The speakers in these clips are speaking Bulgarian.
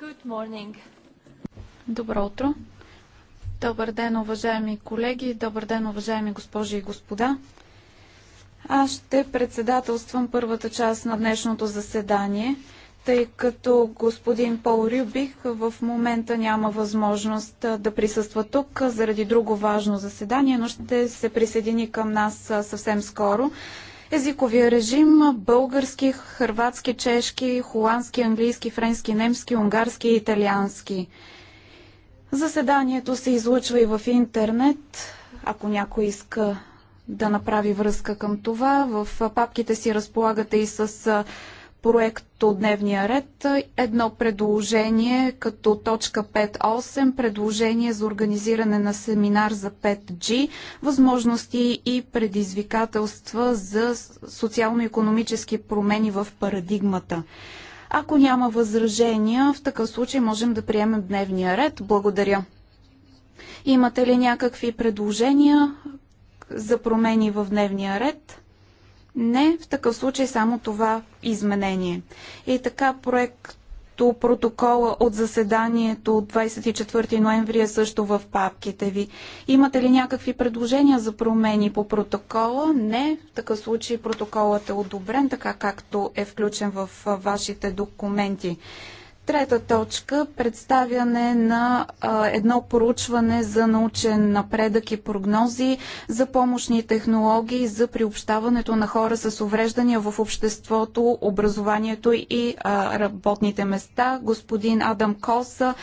Good morning. Добро утро. Добър ден, уважаеми колеги. Добър ден, уважаеми госпожи и господа. Аз ще председателствам първата част на днешното заседание, тъй като господин Пол Рюбих в момента няма възможност да присъства тук заради друго важно заседание, но ще се присъедини към нас съвсем скоро. Езиковия режим български, хърватски, чешки, холандски, английски, френски, немски, унгарски и италиански. Заседанието се излъчва и в интернет, ако някой иска да направи връзка към това. В папките си разполагате и с проект от дневния ред. Едно предложение като точка 5.8, предложение за организиране на семинар за 5G, възможности и предизвикателства за социално-економически промени в парадигмата. Ако няма възражения, в такъв случай можем да приемем дневния ред. Благодаря. Имате ли някакви предложения за промени в дневния ред? Не, в такъв случай само това изменение. И така проект протокола от заседанието от 24 ноември е също в папките ви. Имате ли някакви предложения за промени по протокола? Не. В такъв случай протоколът е одобрен, така както е включен в вашите документи. Трета точка представяне на а, едно поручване за научен напредък и прогнози за помощни технологии за приобщаването на хора с увреждания в обществото, образованието и а, работните места. Господин Адам Коса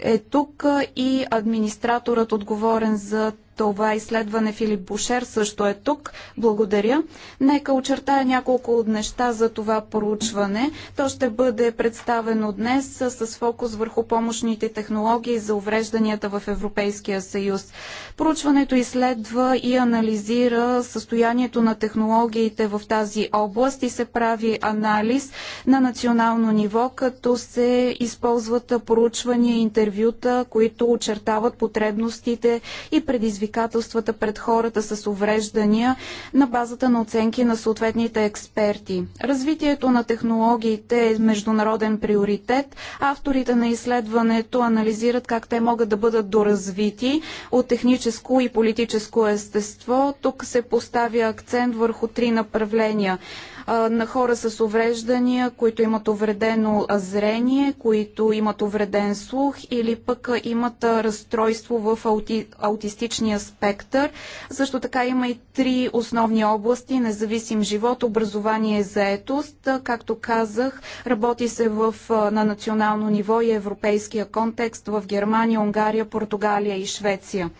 е тук и администраторът отговорен за това изследване. Филип Бушер също е тук. Благодаря. Нека очертая няколко от неща за това проучване. То ще бъде представено днес с фокус върху помощните технологии за уврежданията в Европейския съюз. Проучването изследва и анализира състоянието на технологиите в тази област и се прави анализ на национално ниво, като се използват проучвания и интервюта, които очертават потребностите и предизвикателите предизвикателствата пред хората с увреждания на базата на оценки на съответните експерти. Развитието на технологиите е международен приоритет. Авторите на изследването анализират как те могат да бъдат доразвити от техническо и политическо естество. Тук се поставя акцент върху три направления на хора с увреждания, които имат увредено зрение, които имат увреден слух или пък имат разстройство в аути, аутистичния спектър. Също така има и три основни области – независим живот, образование и заетост. Както казах, работи се в, на национално ниво и европейския контекст в Германия, Унгария, Португалия и Швеция.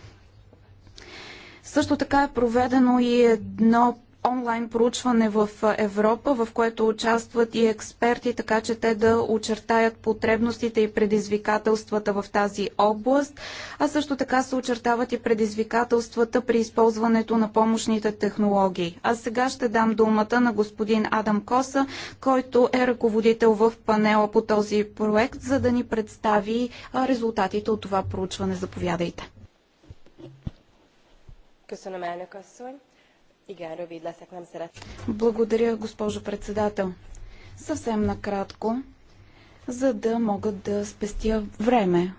Също така е проведено и едно онлайн проучване в Европа, в което участват и експерти, така че те да очертаят потребностите и предизвикателствата в тази област, а също така се очертават и предизвикателствата при използването на помощните технологии. А сега ще дам думата на господин Адам Коса, който е ръководител в панела по този проект, за да ни представи резултатите от това проучване. Заповядайте. Köszönöm, elnök asszony! Благодаря, госпожо председател. Съвсем накратко, за да могат да спестя време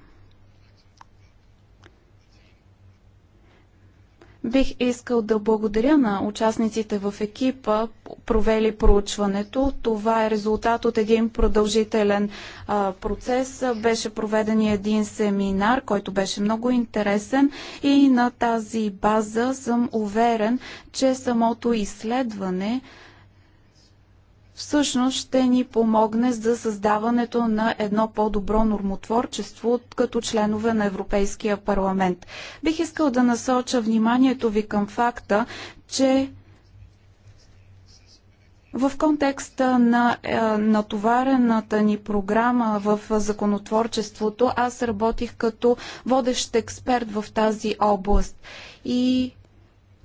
Бих искал да благодаря на участниците в екипа, провели проучването. Това е резултат от един продължителен а, процес. Беше проведен един семинар, който беше много интересен и на тази база съм уверен, че самото изследване всъщност ще ни помогне за създаването на едно по-добро нормотворчество като членове на Европейския парламент. Бих искал да насоча вниманието ви към факта, че в контекста на е, натоварената ни програма в законотворчеството, аз работих като водещ експерт в тази област. И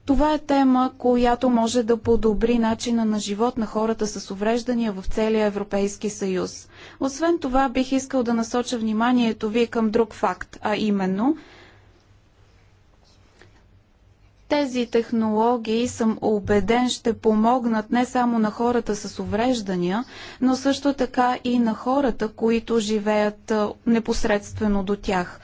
това е тема, която може да подобри начина на живот на хората с увреждания в целия Европейски съюз. Освен това, бих искал да насоча вниманието ви към друг факт, а именно тези технологии съм убеден ще помогнат не само на хората с увреждания, но също така и на хората, които живеят непосредствено до тях.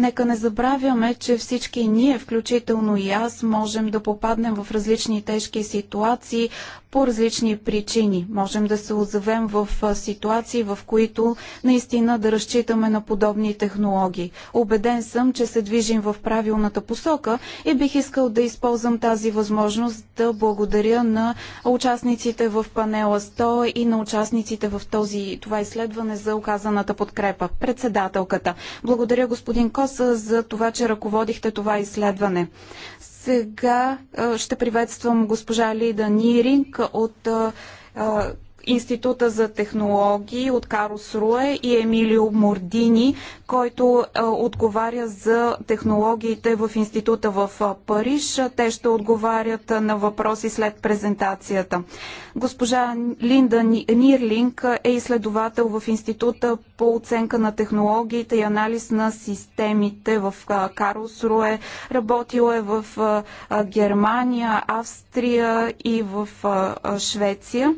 Нека не забравяме, че всички ние, включително и аз, можем да попаднем в различни тежки ситуации по различни причини. Можем да се озовем в ситуации, в които наистина да разчитаме на подобни технологии. Обеден съм, че се движим в правилната посока и бих искал да използвам тази възможност да благодаря на участниците в панела 100 и на участниците в този, това изследване за оказаната подкрепа. Председателката. Благодаря господин Кос въпроса за това, че ръководихте това изследване. Сега ще приветствам госпожа Лида Ниринг от Института за технологии от Карос Руе и Емилио Мордини, който а, е, отговаря за технологиите в Института в е, Париж. Те ще отговарят е, на въпроси след презентацията. Госпожа Линда Нирлинг е изследовател в Института по оценка на технологиите и анализ на системите в Карос Руе. Работила е в Германия, Австрия и в Швеция.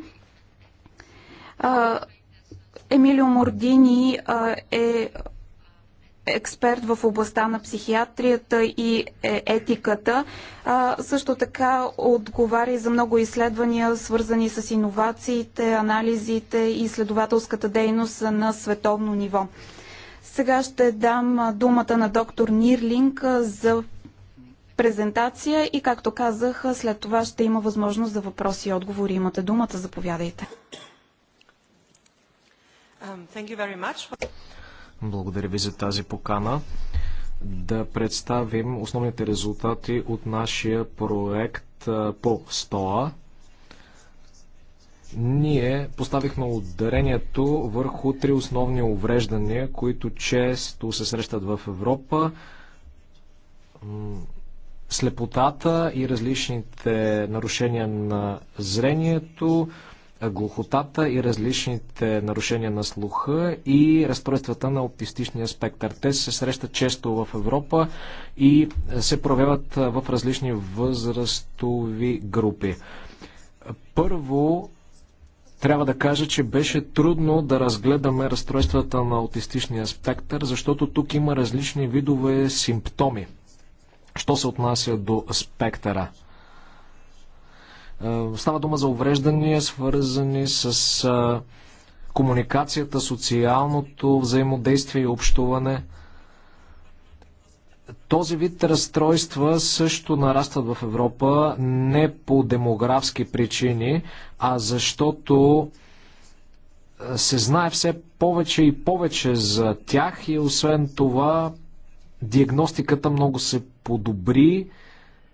Емилио Мордини е експерт в областта на психиатрията и е етиката. А, също така отговаря и за много изследвания, свързани с иновациите, анализите и следователската дейност на световно ниво. Сега ще дам думата на доктор Нирлинг за презентация и, както казах, след това ще има възможност за въпроси и отговори. Имате думата, заповядайте. Um, Благодаря ви за тази покана. Да представим основните резултати от нашия проект по СТОА. Ние поставихме ударението върху три основни увреждания, които често се срещат в Европа. Слепотата и различните нарушения на зрението, глухотата и различните нарушения на слуха и разстройствата на оптистичния спектър. Те се срещат често в Европа и се проявяват в различни възрастови групи. Първо, трябва да кажа, че беше трудно да разгледаме разстройствата на аутистичния спектър, защото тук има различни видове симптоми, що се отнася до спектъра. Е, става дума за увреждания, свързани с е, комуникацията, социалното взаимодействие и общуване. Този вид разстройства също нарастват в Европа не по демографски причини, а защото е, се знае все повече и повече за тях и освен това диагностиката много се подобри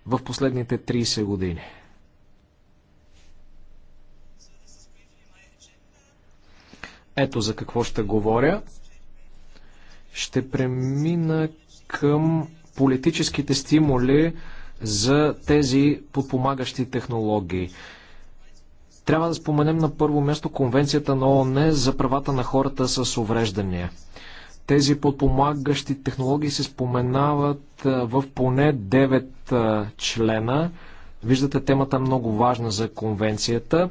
в последните 30 години. Ето за какво ще говоря. Ще премина към политическите стимули за тези подпомагащи технологии. Трябва да споменем на първо място Конвенцията на ООН за правата на хората с увреждания. Тези подпомагащи технологии се споменават в поне 9 члена. Виждате темата много важна за конвенцията.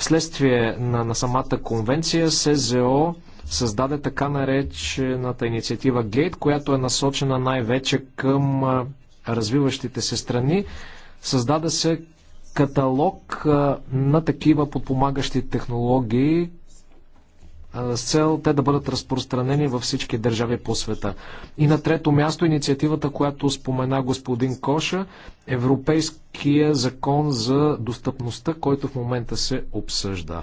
Вследствие на, на самата конвенция СЗО създаде така наречената инициатива Гейт, която е насочена най-вече към развиващите се страни. Създаде се каталог на такива подпомагащи технологии, с цел те да бъдат разпространени във всички държави по света. И на трето място инициативата, която спомена господин Коша, Европейския закон за достъпността, който в момента се обсъжда.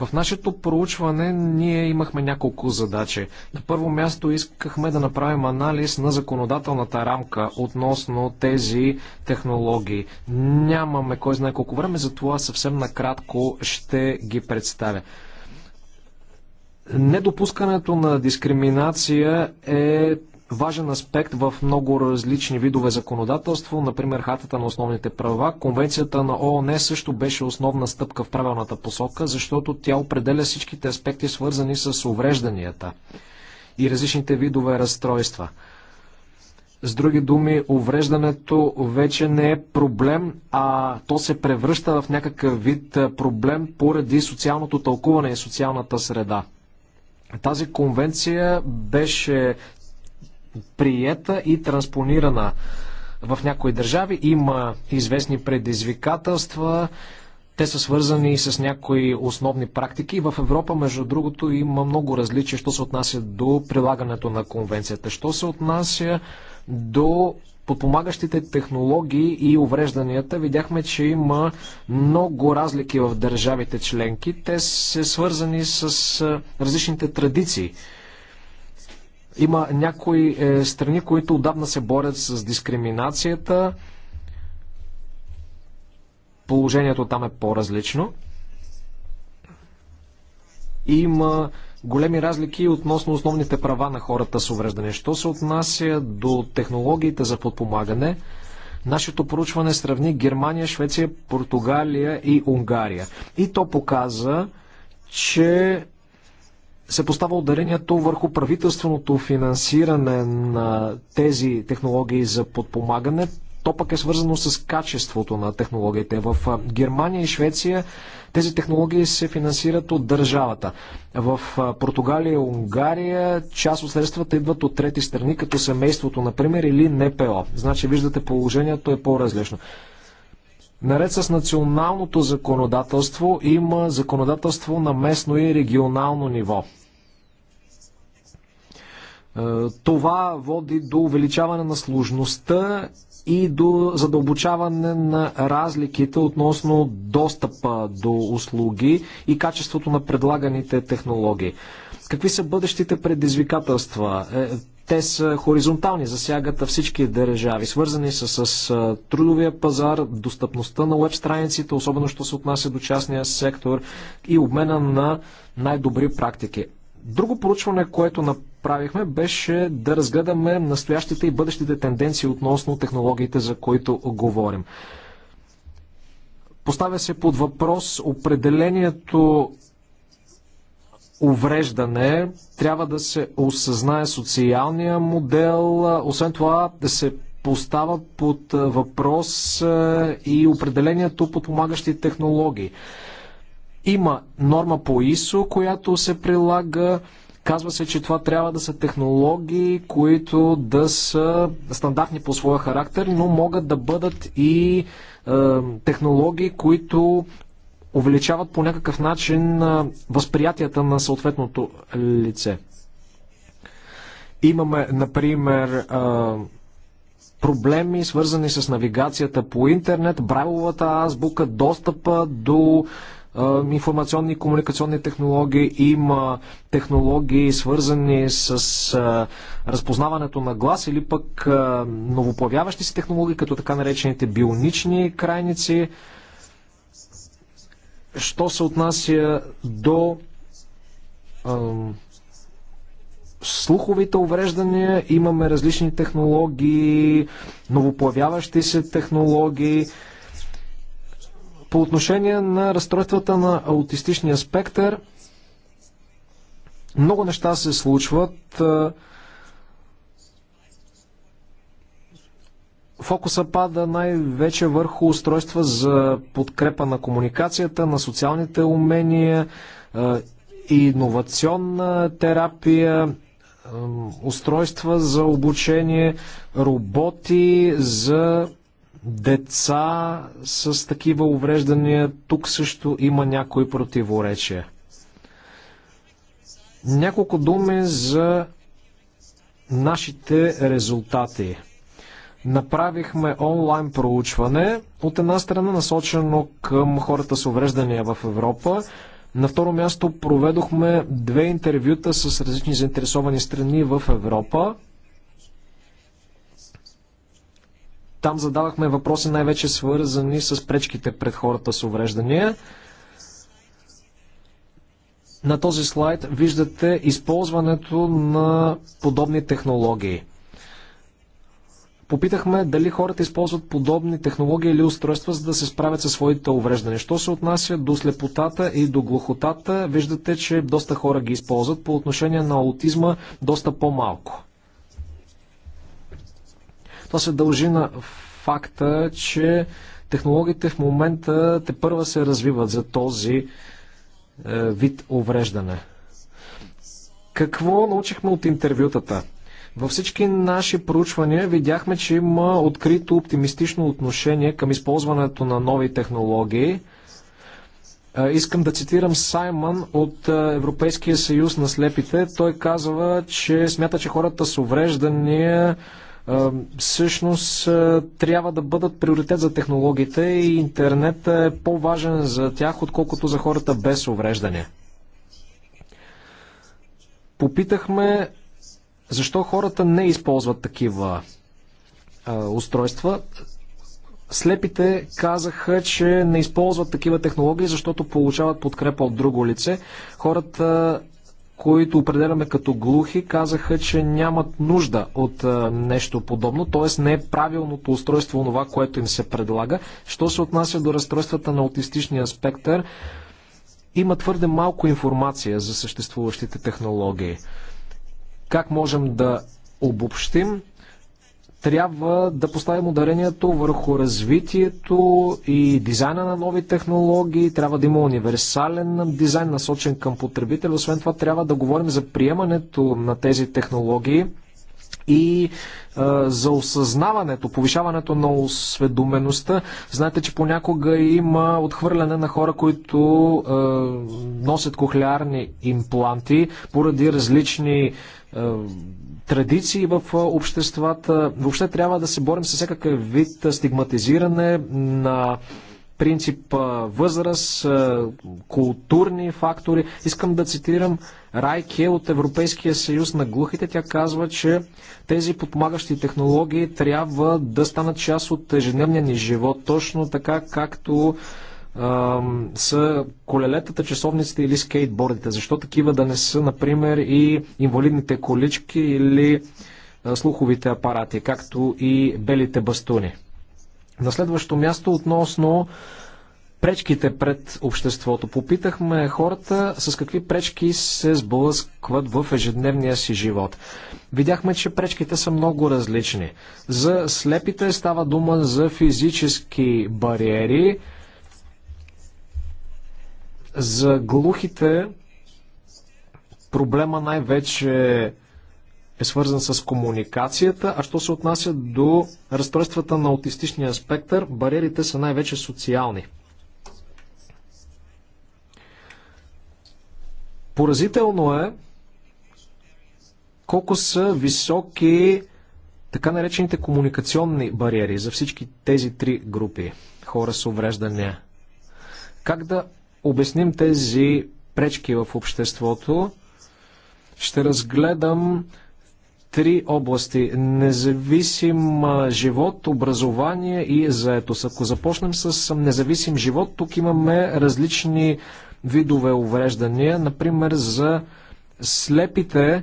В нашето проучване ние имахме няколко задачи. На първо място искахме да направим анализ на законодателната рамка относно тези технологии. Нямаме кой знае колко време, затова съвсем накратко ще ги представя. Недопускането на дискриминация е важен аспект в много различни видове законодателство, например Хатата на основните права. Конвенцията на ООН също беше основна стъпка в правилната посока, защото тя определя всичките аспекти, свързани с уврежданията и различните видове разстройства. С други думи, увреждането вече не е проблем, а то се превръща в някакъв вид проблем поради социалното тълкуване и социалната среда. Тази конвенция беше приета и транспонирана в някои държави. Има известни предизвикателства. Те са свързани с някои основни практики. В Европа, между другото, има много различия, що се отнася до прилагането на конвенцията. Що се отнася до подпомагащите технологии и уврежданията, видяхме, че има много разлики в държавите членки. Те са свързани с различните традиции има някои е, страни, които отдавна се борят с дискриминацията. Положението там е по-различно. Има големи разлики относно основните права на хората с увреждане. Що се отнася до технологиите за подпомагане, нашето проучване сравни Германия, Швеция, Португалия и Унгария. И то показа, че се поставя ударението върху правителственото финансиране на тези технологии за подпомагане. То пък е свързано с качеството на технологиите. В Германия и Швеция тези технологии се финансират от държавата. В Португалия и Унгария част от средствата идват от трети страни, като семейството, например, или НПО. Значи, виждате, положението е по-различно. Наред с националното законодателство има законодателство на местно и регионално ниво. Е, това води до увеличаване на сложността и до задълбочаване на разликите относно достъпа до услуги и качеството на предлаганите технологии. Какви са бъдещите предизвикателства? Е, те са хоризонтални, засягат всички държави, свързани са с трудовия пазар, достъпността на веб страниците, особено що се отнася до частния сектор и обмена на най-добри практики. Друго проучване, което направихме, беше да разгледаме настоящите и бъдещите тенденции относно технологиите, за които говорим. Поставя се под въпрос определението увреждане, трябва да се осъзнае социалния модел, освен това да се поставят под въпрос и определението подпомагащи технологии. Има норма по ИСО, която се прилага. Казва се, че това трябва да са технологии, които да са стандартни по своя характер, но могат да бъдат и е, технологии, които увеличават по някакъв начин възприятията на съответното лице. Имаме, например, проблеми, свързани с навигацията по интернет, брайловата азбука, достъпа до информационни и комуникационни технологии, има технологии свързани с разпознаването на глас или пък новоплавяващи се технологии, като така наречените бионични крайници. Що се отнася до слуховите увреждания, имаме различни технологии, новоплавяващи се технологии. По отношение на разстройствата на аутистичния спектър, много неща се случват. Фокуса пада най-вече върху устройства за подкрепа на комуникацията, на социалните умения, иновационна терапия, устройства за обучение, роботи за деца с такива увреждания. Тук също има някои противоречия. Няколко думи за нашите резултати – Направихме онлайн проучване, от една страна насочено към хората с увреждания в Европа. На второ място проведохме две интервюта с различни заинтересовани страни в Европа. Там задавахме въпроси най-вече свързани с пречките пред хората с увреждания. На този слайд виждате използването на подобни технологии – Попитахме дали хората използват подобни технологии или устройства, за да се справят със своите увреждания. Що се отнася до слепотата и до глухотата, виждате, че доста хора ги използват. По отношение на аутизма, доста по-малко. Това се дължи на факта, че технологиите в момента те първа се развиват за този е, вид увреждане. Какво научихме от интервютата? Във всички наши проучвания видяхме, че има открито оптимистично отношение към използването на нови технологии. Искам да цитирам Саймън от Европейския съюз на слепите. Той казва, че смята, че хората с увреждания всъщност трябва да бъдат приоритет за технологиите и интернет е по-важен за тях, отколкото за хората без увреждания. Попитахме защо хората не използват такива а, устройства? Слепите казаха, че не използват такива технологии, защото получават подкрепа от друго лице. Хората, които определяме като глухи, казаха, че нямат нужда от а, нещо подобно, т.е. не е правилното устройство това, което им се предлага. Що се отнася до разстройствата на аутистичния спектър, има твърде малко информация за съществуващите технологии. Как можем да обобщим? Трябва да поставим ударението върху развитието и дизайна на нови технологии. Трябва да има универсален дизайн, насочен към потребител. Освен това, трябва да говорим за приемането на тези технологии и е, за осъзнаването, повишаването на осведомеността. Знаете, че понякога има отхвърляне на хора, които е, носят кохлеарни импланти поради различни е, традиции в е, обществата. Въобще трябва да се борим с всякакъв вид стигматизиране на принцип е, възраст, културни фактори. Искам да цитирам Райке от Европейския съюз на глухите. Тя казва, че тези подпомагащи технологии трябва да станат част от ежедневния ни живот, точно така както са колелетата, часовниците или скейтбордите? Защо такива да не са, например, и инвалидните колички или слуховите апарати, както и белите бастуни? На следващо място относно пречките пред обществото. Попитахме хората с какви пречки се сблъскват в ежедневния си живот. Видяхме, че пречките са много различни. За слепите става дума за физически бариери, за глухите проблема най-вече е свързан с комуникацията, а що се отнася до разстройствата на аутистичния спектър, бариерите са най-вече социални. Поразително е колко са високи така наречените комуникационни бариери за всички тези три групи хора с увреждания. Как да обясним тези пречки в обществото, ще разгледам три области независим живот, образование и заетост. Ако започнем с независим живот, тук имаме различни видове увреждания. Например, за слепите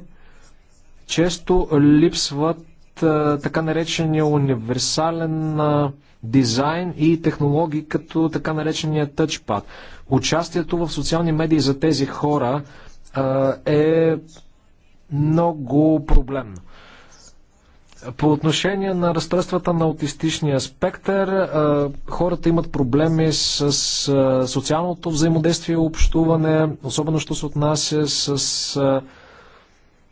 често липсват така наречения универсален дизайн и технологии, като така наречения тъчпад. Участието в социални медии за тези хора е много проблемно. По отношение на разстройствата на аутистичния спектър, хората имат проблеми с социалното взаимодействие и общуване, особено що се отнася с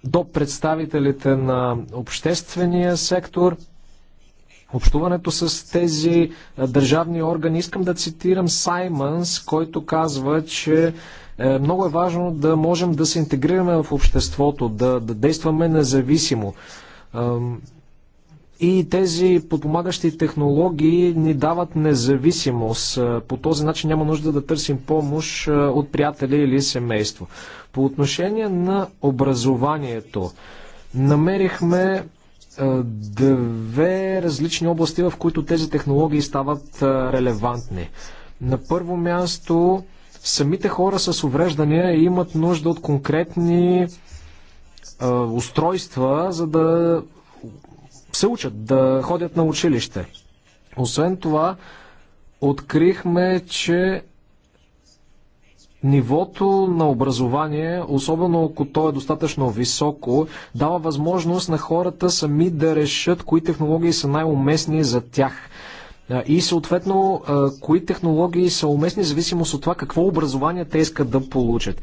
до представителите на обществения сектор – общуването с тези държавни органи. Искам да цитирам Саймънс, който казва, че е, много е важно да можем да се интегрираме в обществото, да, да действаме независимо. И тези подпомагащи технологии ни дават независимост. Е, по този начин няма нужда да търсим помощ е, от приятели или семейство. По отношение на образованието, намерихме е, две различни области, в които тези технологии стават е, релевантни. На първо място, самите хора с увреждания имат нужда от конкретни е, устройства, за да се учат, да ходят на училище. Освен това, открихме, че Нивото на образование, особено ако то е достатъчно високо, дава възможност на хората сами да решат кои технологии са най-уместни за тях. И съответно, кои технологии са уместни, зависимост от това какво образование те искат да получат.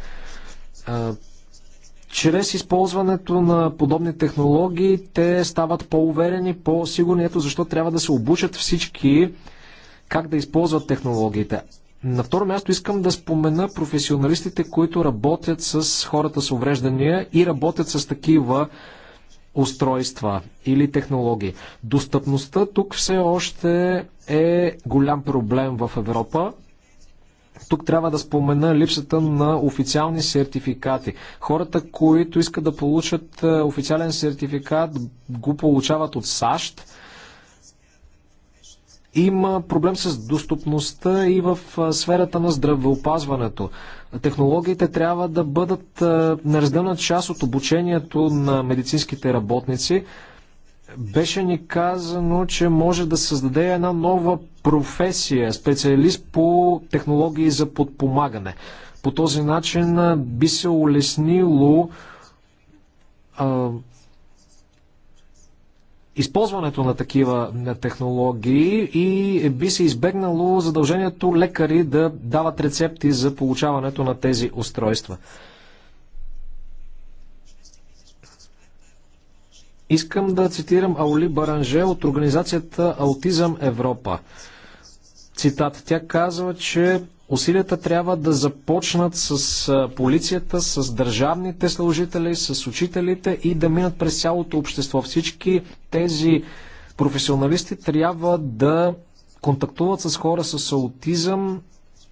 Чрез използването на подобни технологии те стават по-уверени, по-сигурни, ето защо трябва да се обучат всички как да използват технологиите. На второ място искам да спомена професионалистите, които работят с хората с увреждания и работят с такива устройства или технологии. Достъпността тук все още е голям проблем в Европа. Тук трябва да спомена липсата на официални сертификати. Хората, които искат да получат е, официален сертификат, го получават от САЩ има проблем с достъпността и в сферата на здравеопазването. Технологиите трябва да бъдат неразделна част от обучението на медицинските работници. Беше ни казано, че може да създаде една нова професия, специалист по технологии за подпомагане. По този начин би се улеснило използването на такива технологии и би се избегнало задължението лекари да дават рецепти за получаването на тези устройства. Искам да цитирам Аули Баранже от организацията Аутизъм Европа. Цитат. Тя казва, че Усилията трябва да започнат с полицията, с държавните служители, с учителите и да минат през цялото общество. Всички тези професионалисти трябва да контактуват с хора с аутизъм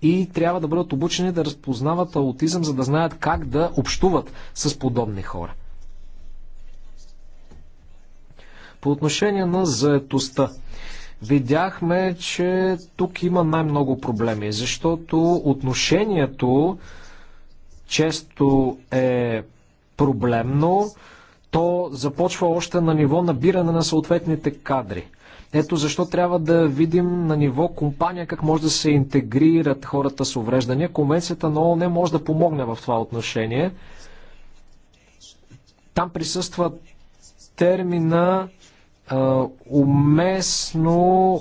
и трябва да бъдат обучени да разпознават аутизъм, за да знаят как да общуват с подобни хора. По отношение на заетостта видяхме, че тук има най-много проблеми, защото отношението често е проблемно, то започва още на ниво набиране на съответните кадри. Ето защо трябва да видим на ниво компания как може да се интегрират хората с увреждания. Конвенцията на ООН може да помогне в това отношение. Там присъства термина уместно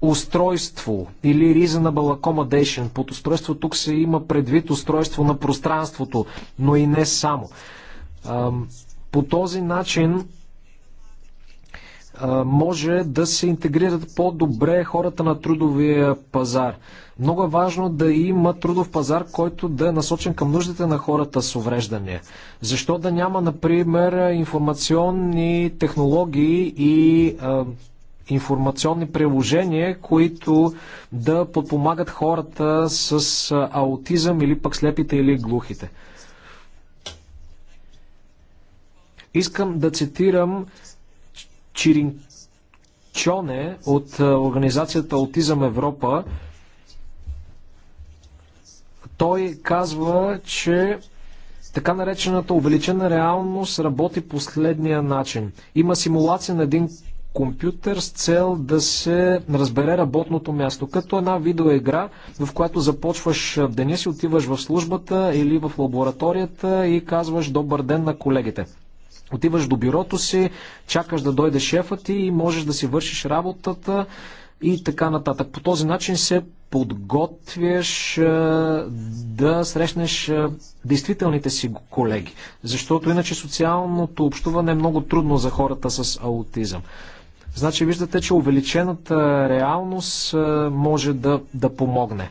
устройство или reasonable accommodation. Под устройство тук се има предвид устройство на пространството, но и не само. По този начин може да се интегрират по-добре хората на трудовия пазар. Много е важно да има трудов пазар, който да е насочен към нуждите на хората с увреждания. Защо да няма, например, информационни технологии и а, информационни приложения, които да подпомагат хората с аутизъм или пък слепите или глухите. Искам да цитирам Чиринчоне от е, организацията Аутизъм Европа. Той казва, че така наречената увеличена реалност работи последния начин. Има симулация на един компютър с цел да се разбере работното място. Като една видеоигра, в която започваш е, деня си, отиваш в службата или в лабораторията и казваш добър ден на колегите. Отиваш до бюрото си, чакаш да дойде шефът ти и можеш да си вършиш работата и така нататък. По този начин се подготвяш е, да срещнеш е, действителните си колеги. Защото иначе социалното общуване е много трудно за хората с аутизъм. Значи виждате, че увеличената реалност е, може да, да помогне.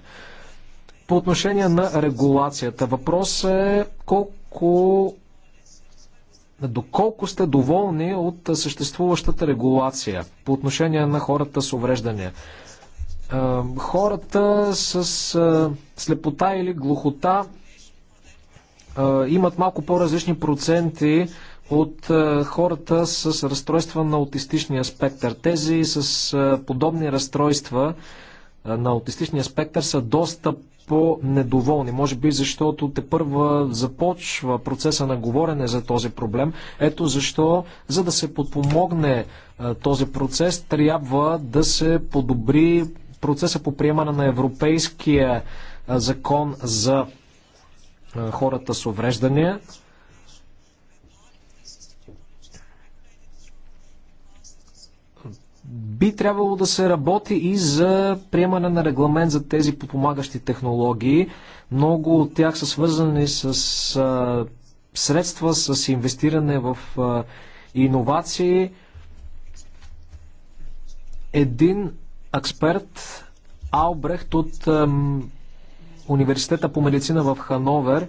По отношение на регулацията, въпросът е колко доколко сте доволни от съществуващата регулация по отношение на хората с увреждания. Хората с слепота или глухота имат малко по-различни проценти от хората с разстройства на аутистичния спектър. Тези с подобни разстройства на аутистичния спектър са доста по-недоволни. Може би защото те първа започва процеса на говорене за този проблем. Ето защо, за да се подпомогне този процес, трябва да се подобри процеса по приемане на европейския закон за хората с увреждания. Би трябвало да се работи и за приемане на регламент за тези подпомагащи технологии. Много от тях са свързани с а, средства, с инвестиране в а, иновации. Един експерт, Албрехт от а, Университета по медицина в Хановер,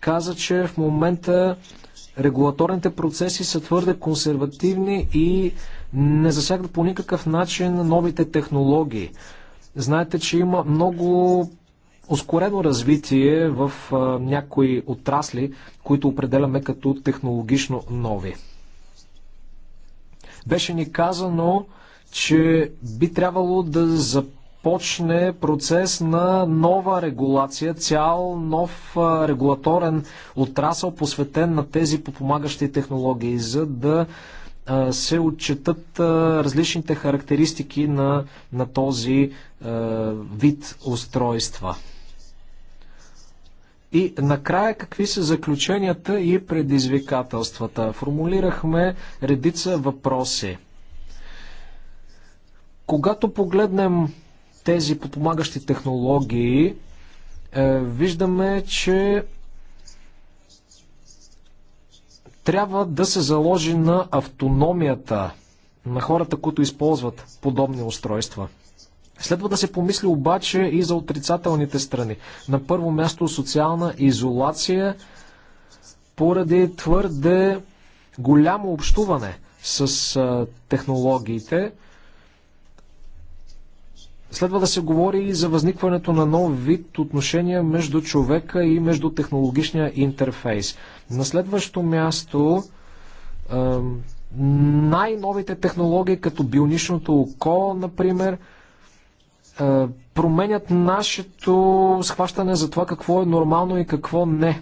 каза, че в момента регулаторните процеси са твърде консервативни и не засягат по никакъв начин новите технологии. Знаете, че има много ускорено развитие в а, някои отрасли, които определяме като технологично нови. Беше ни казано, че би трябвало да запазим започне процес на нова регулация, цял нов регулаторен отрасъл, посветен на тези подпомагащи технологии, за да се отчетат различните характеристики на, на този вид устройства. И накрая какви са заключенията и предизвикателствата? Формулирахме редица въпроси. Когато погледнем тези подпомагащи технологии, е, виждаме, че трябва да се заложи на автономията на хората, които използват подобни устройства. Следва да се помисли обаче и за отрицателните страни. На първо място социална изолация поради твърде голямо общуване с технологиите. Следва да се говори и за възникването на нов вид отношения между човека и между технологичния интерфейс. На следващо място най-новите технологии, като бионичното око, например, променят нашето схващане за това какво е нормално и какво не.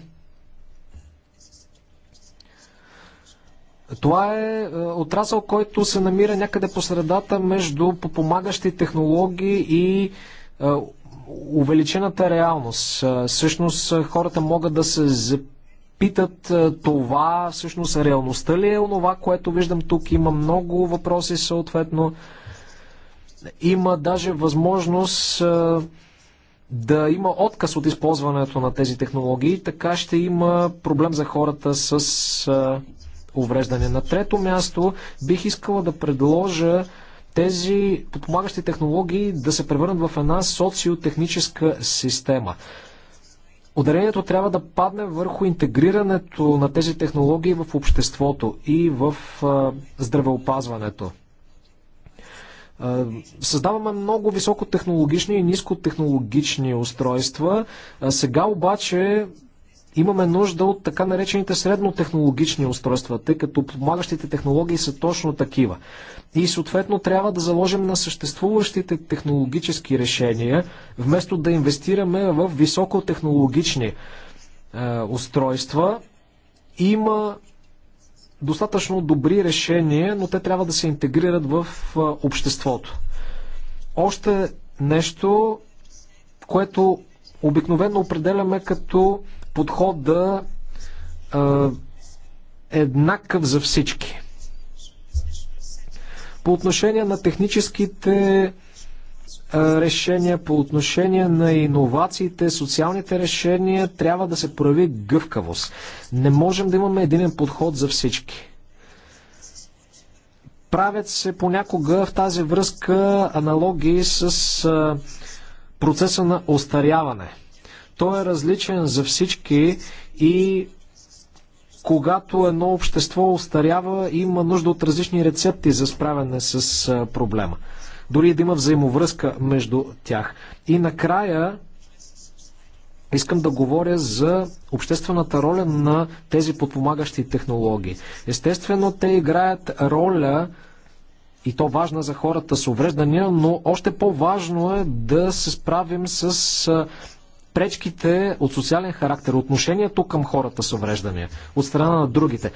Това е, е отрасъл, който се намира някъде по средата между подпомагащи технологии и е, увеличената реалност. Е, всъщност хората могат да се запитат това, всъщност реалността ли е онова, което виждам тук. Има много въпроси съответно. Има даже възможност да има отказ от използването на тези технологии, така ще има проблем за хората с увреждане. На трето място бих искала да предложа тези подпомагащи технологии да се превърнат в една социотехническа система. Ударението трябва да падне върху интегрирането на тези технологии в обществото и в здравеопазването. Създаваме много високотехнологични и нискотехнологични устройства. Сега обаче Имаме нужда от така наречените среднотехнологични устройства, тъй като помагащите технологии са точно такива. И съответно трябва да заложим на съществуващите технологически решения, вместо да инвестираме в високотехнологични е, устройства. Има достатъчно добри решения, но те трябва да се интегрират в е, обществото. Още нещо, което обикновено определяме като подхода е еднакъв за всички. По отношение на техническите решения, по отношение на иновациите, социалните решения, трябва да се прояви гъвкавост. Не можем да имаме един подход за всички. Правят се понякога в тази връзка аналогии с процеса на остаряване – той е различен за всички и когато едно общество остарява, има нужда от различни рецепти за справяне с проблема. Дори да има взаимовръзка между тях. И накрая искам да говоря за обществената роля на тези подпомагащи технологии. Естествено, те играят роля и то важна за хората с увреждания, но още по-важно е да се справим с пречките от социален характер, отношението към хората с увреждания, от страна на другите.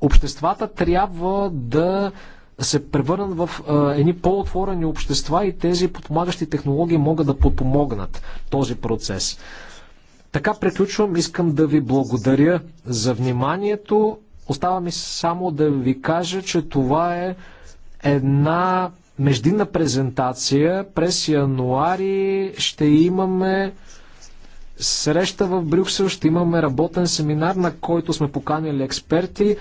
Обществата трябва да се превърнат в а, едни по-отворени общества и тези подпомагащи технологии могат да подпомогнат този процес. Така приключвам. Искам да ви благодаря за вниманието. Остава ми само да ви кажа, че това е една междинна презентация. През януари ще имаме среща в Брюксел, ще имаме работен семинар, на който сме поканили експерти.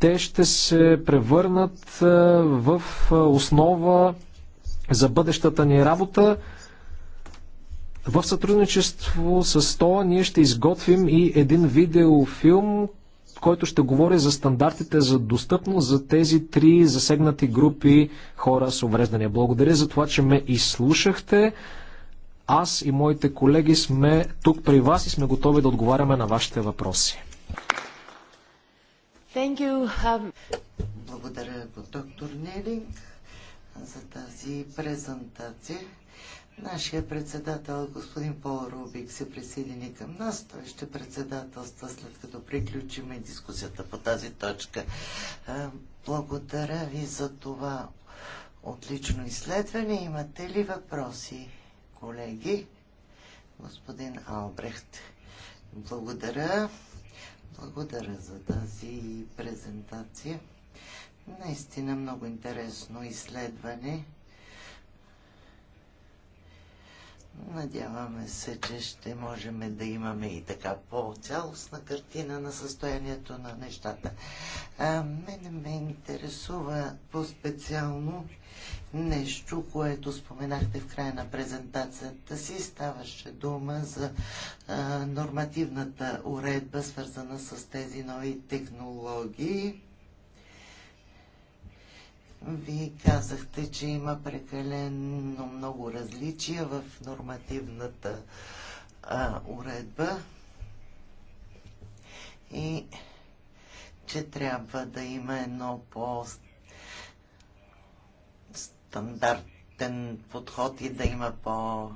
Те ще се превърнат е, в е, основа за бъдещата ни работа. В сътрудничество с това ние ще изготвим и един видеофилм, който ще говори за стандартите за достъпност за тези три засегнати групи хора с увреждания. Благодаря за това, че ме изслушахте. Аз и моите колеги сме тук при вас и сме готови да отговаряме на вашите въпроси. Um, благодаря, доктор Нелинг, за тази презентация. Нашия председател, господин Пол Рубик, се присъедини към нас. Той ще председателства след като приключим дискусията по тази точка. Благодаря ви за това отлично изследване. Имате ли въпроси? колеги. Господин Албрехт, благодаря. Благодаря за тази презентация. Наистина много интересно изследване. Надяваме се, че ще можем да имаме и така по-цялостна картина на състоянието на нещата. А, мене ме интересува по-специално нещо, което споменахте в края на презентацията си. Ставаше дума за а, нормативната уредба, свързана с тези нови технологии вие казахте, че има прекалено много различия в нормативната а, уредба и че трябва да има едно по-стандартен подход и да има по-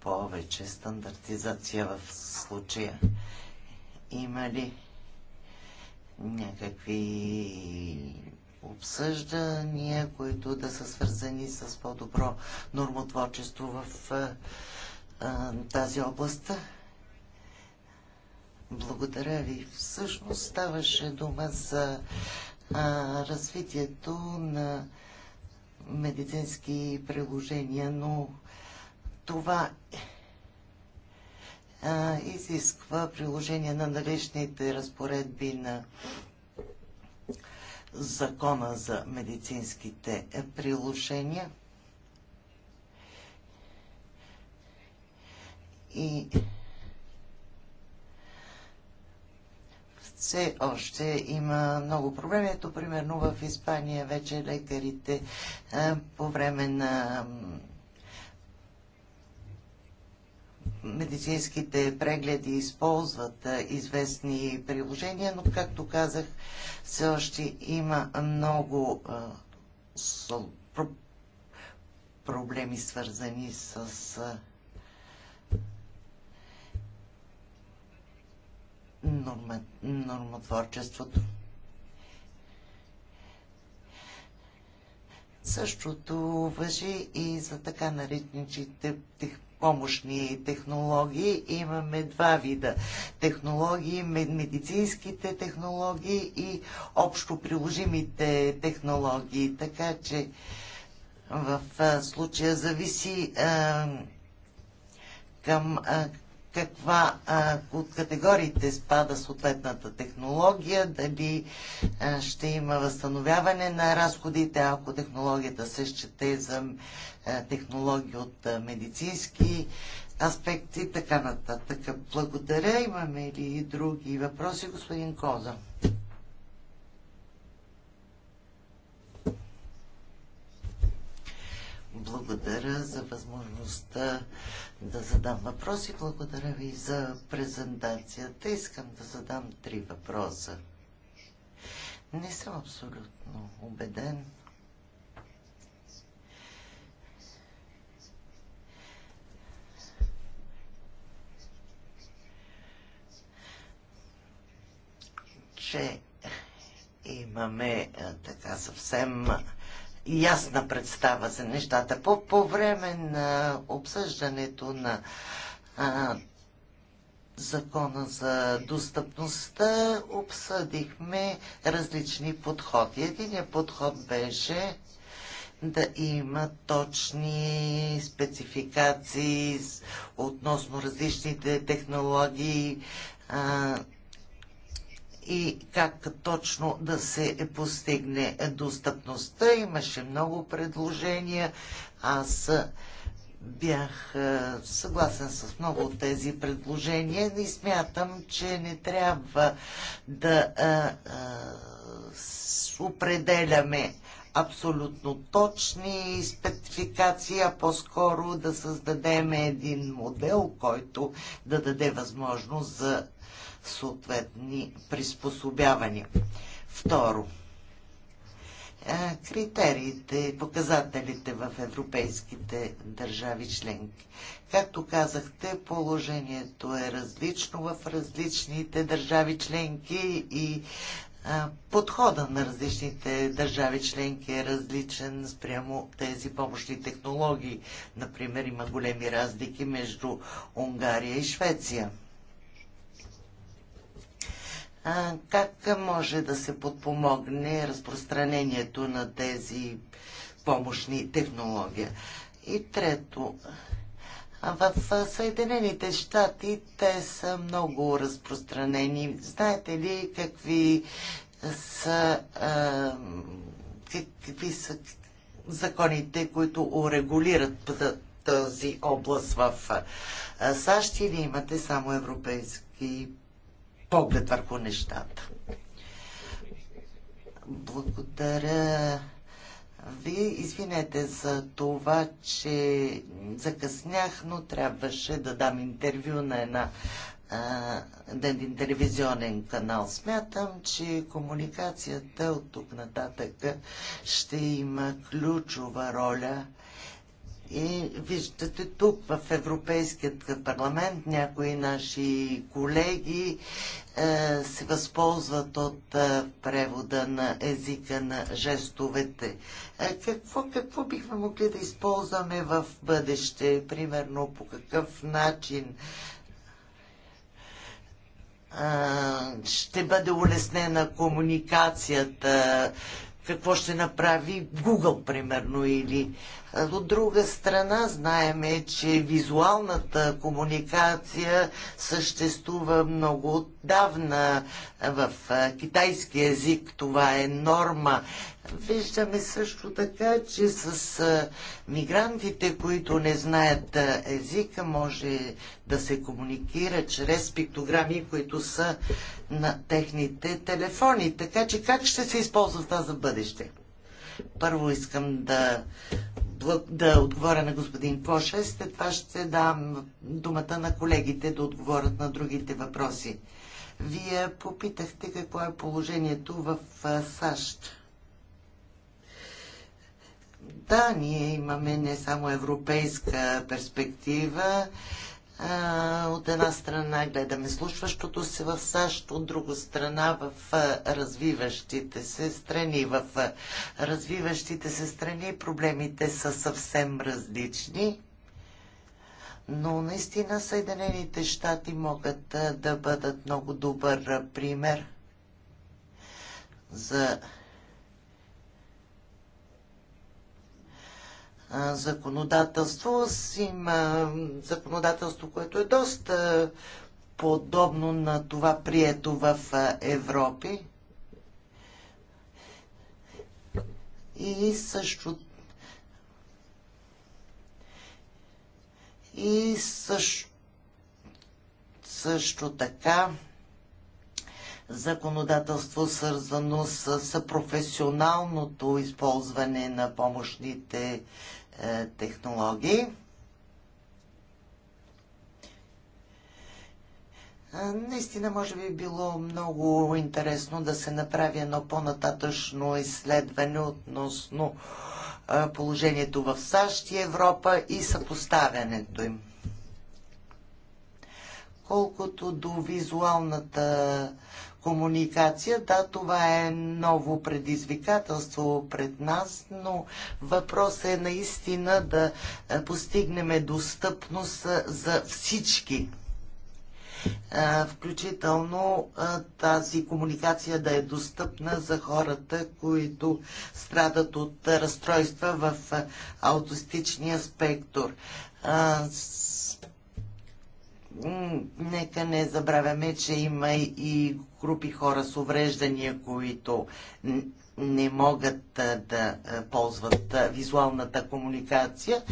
повече стандартизация в случая. Има ли някакви обсъждания, които да са свързани с по-добро нормотворчество в тази област. Благодаря ви. Всъщност ставаше дума за развитието на медицински приложения, но това изисква приложение на наличните разпоредби на закона за медицинските приложения. И все още има много проблеми. Ето, примерно в Испания вече лекарите по време на медицинските прегледи използват известни приложения, но както казах, все още има много проблеми свързани с нормотворчеството. Същото въжи и за така наречените тех, помощни технологии. Имаме два вида технологии медицинските технологии и общо приложимите технологии. Така че в случая зависи към а, каква а, от категориите спада съответната технология, дали а, ще има възстановяване на разходите, ако технологията се счете за а, технологии от а, медицински аспекти и така нататък. Благодаря. Имаме ли и други въпроси, господин Коза? благодаря за възможността да задам въпроси. Благодаря ви за презентацията. Искам да задам три въпроса. Не съм абсолютно убеден. че имаме така съвсем ясна представа за нещата. По, по време на обсъждането на а, закона за достъпността обсъдихме различни подходи. Единият подход беше да има точни спецификации относно различните технологии, а, и как точно да се постигне достъпността. Имаше много предложения. Аз бях е, съгласен с много от тези предложения и смятам, че не трябва да а, е, а, е, определяме абсолютно точни спецификации, а по-скоро да създадем един модел, който да даде възможност за съответни приспособявания. Второ, е, критериите, показателите в европейските държави членки. Както казахте, положението е различно в различните държави членки и е, подхода на различните държави членки е различен спрямо тези помощни технологии. Например, има големи разлики между Унгария и Швеция как може да се подпомогне разпространението на тези помощни технологии. И трето, в Съединените щати те са много разпространени. Знаете ли какви са, какви са законите, които урегулират тази област в САЩ или имате само европейски поглед върху нещата. Благодаря Вие Извинете за това, че закъснях, но трябваше да дам интервю на една на един телевизионен канал. Смятам, че комуникацията от тук нататък ще има ключова роля и виждате тук в Европейският парламент някои наши колеги е, се възползват от е, превода на езика на жестовете. Е, какво, какво бихме могли да използваме в бъдеще? Примерно по какъв начин е, ще бъде улеснена комуникацията? Е, какво ще направи Google, примерно, или от друга страна знаеме, че визуалната комуникация съществува много отдавна в китайски язик. Това е норма. Виждаме също така, че с мигрантите, които не знаят езика, може да се комуникира чрез пиктограми, които са на техните телефони. Така че как ще се използва това за бъдеще? Първо искам да, да отговоря на господин Коша, след това ще дам думата на колегите да отговорят на другите въпроси. Вие попитахте какво е положението в САЩ. Да, ние имаме не само европейска перспектива. А, от една страна гледаме случващото се в САЩ, от друга страна в развиващите се страни. В развиващите се страни проблемите са съвсем различни но наистина Съединените щати могат да бъдат много добър пример за законодателство. Има законодателство, което е доста подобно на това прието в Европи. И също и също, също така законодателство, свързано с, професионалното използване на помощните е, технологии. Наистина, може би било много интересно да се направи едно по-нататъчно изследване относно положението в САЩ и Европа и съпоставянето им. Колкото до визуалната комуникация. Да, това е ново предизвикателство пред нас, но въпрос е наистина да е, постигнем достъпност е, за всички. Е, включително тази комуникация да е достъпна за хората, които страдат от разстройства в аутистичния спектър нека не забравяме, че има и групи хора с увреждания, които не могат да ползват визуалната комуникация.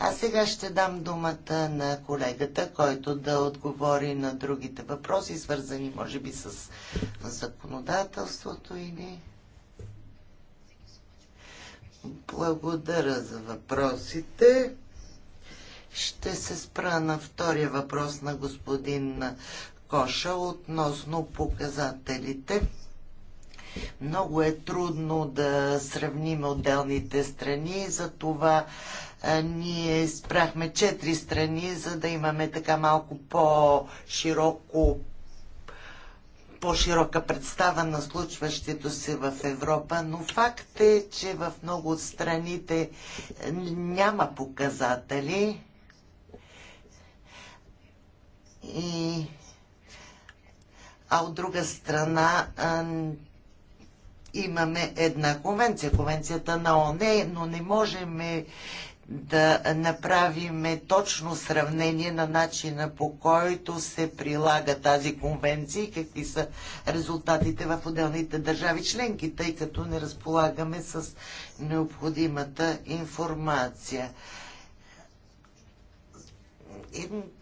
А сега ще дам думата на колегата, който да отговори на другите въпроси, свързани може би с законодателството или... Благодаря за въпросите. Ще се спра на втория въпрос на господин Коша относно показателите. Много е трудно да сравним отделните страни, за това е, ние спрахме четири страни, за да имаме така малко по-широко по-широка представа на случващето се в Европа, но факт е, че в много от страните няма показатели и, а от друга страна а, имаме една конвенция, конвенцията на ОНЕ, но не можем да направим точно сравнение на начина по който се прилага тази конвенция и какви са резултатите в отделните държави членки, тъй като не разполагаме с необходимата информация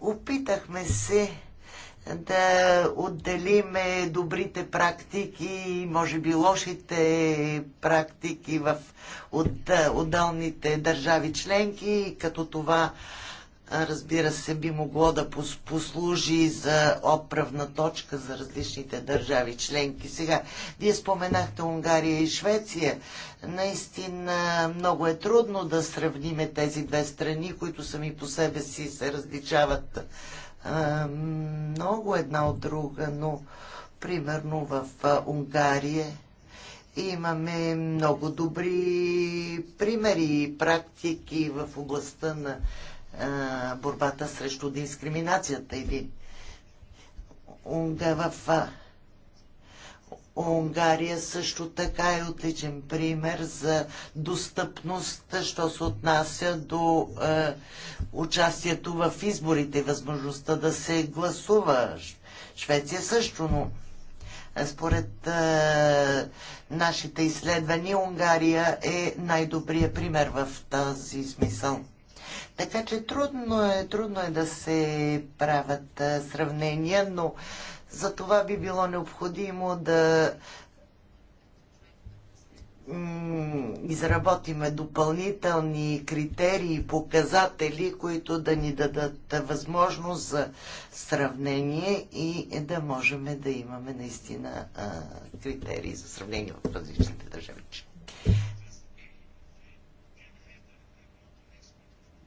опитахме се да отделиме добрите практики, може би лошите практики в от, отделните държави членки, като това разбира се, би могло да послужи за отправна точка за различните държави членки. Сега, вие споменахте Унгария и Швеция. Наистина много е трудно да сравниме тези две страни, които сами по себе си се различават много една от друга, но примерно в Унгария имаме много добри примери и практики в областта на а, борбата срещу дискриминацията или в а, Унгария също така е отличен пример за достъпност, що се отнася до е, участието в изборите, възможността да се гласува. Швеция също, но според е, нашите изследвания Унгария е най-добрият пример в тази смисъл. Така че трудно е, трудно е да се правят сравнения, но за това би било необходимо да изработиме допълнителни критерии показатели, които да ни дадат възможност за сравнение и да можем да имаме наистина критерии за сравнение в различните държави.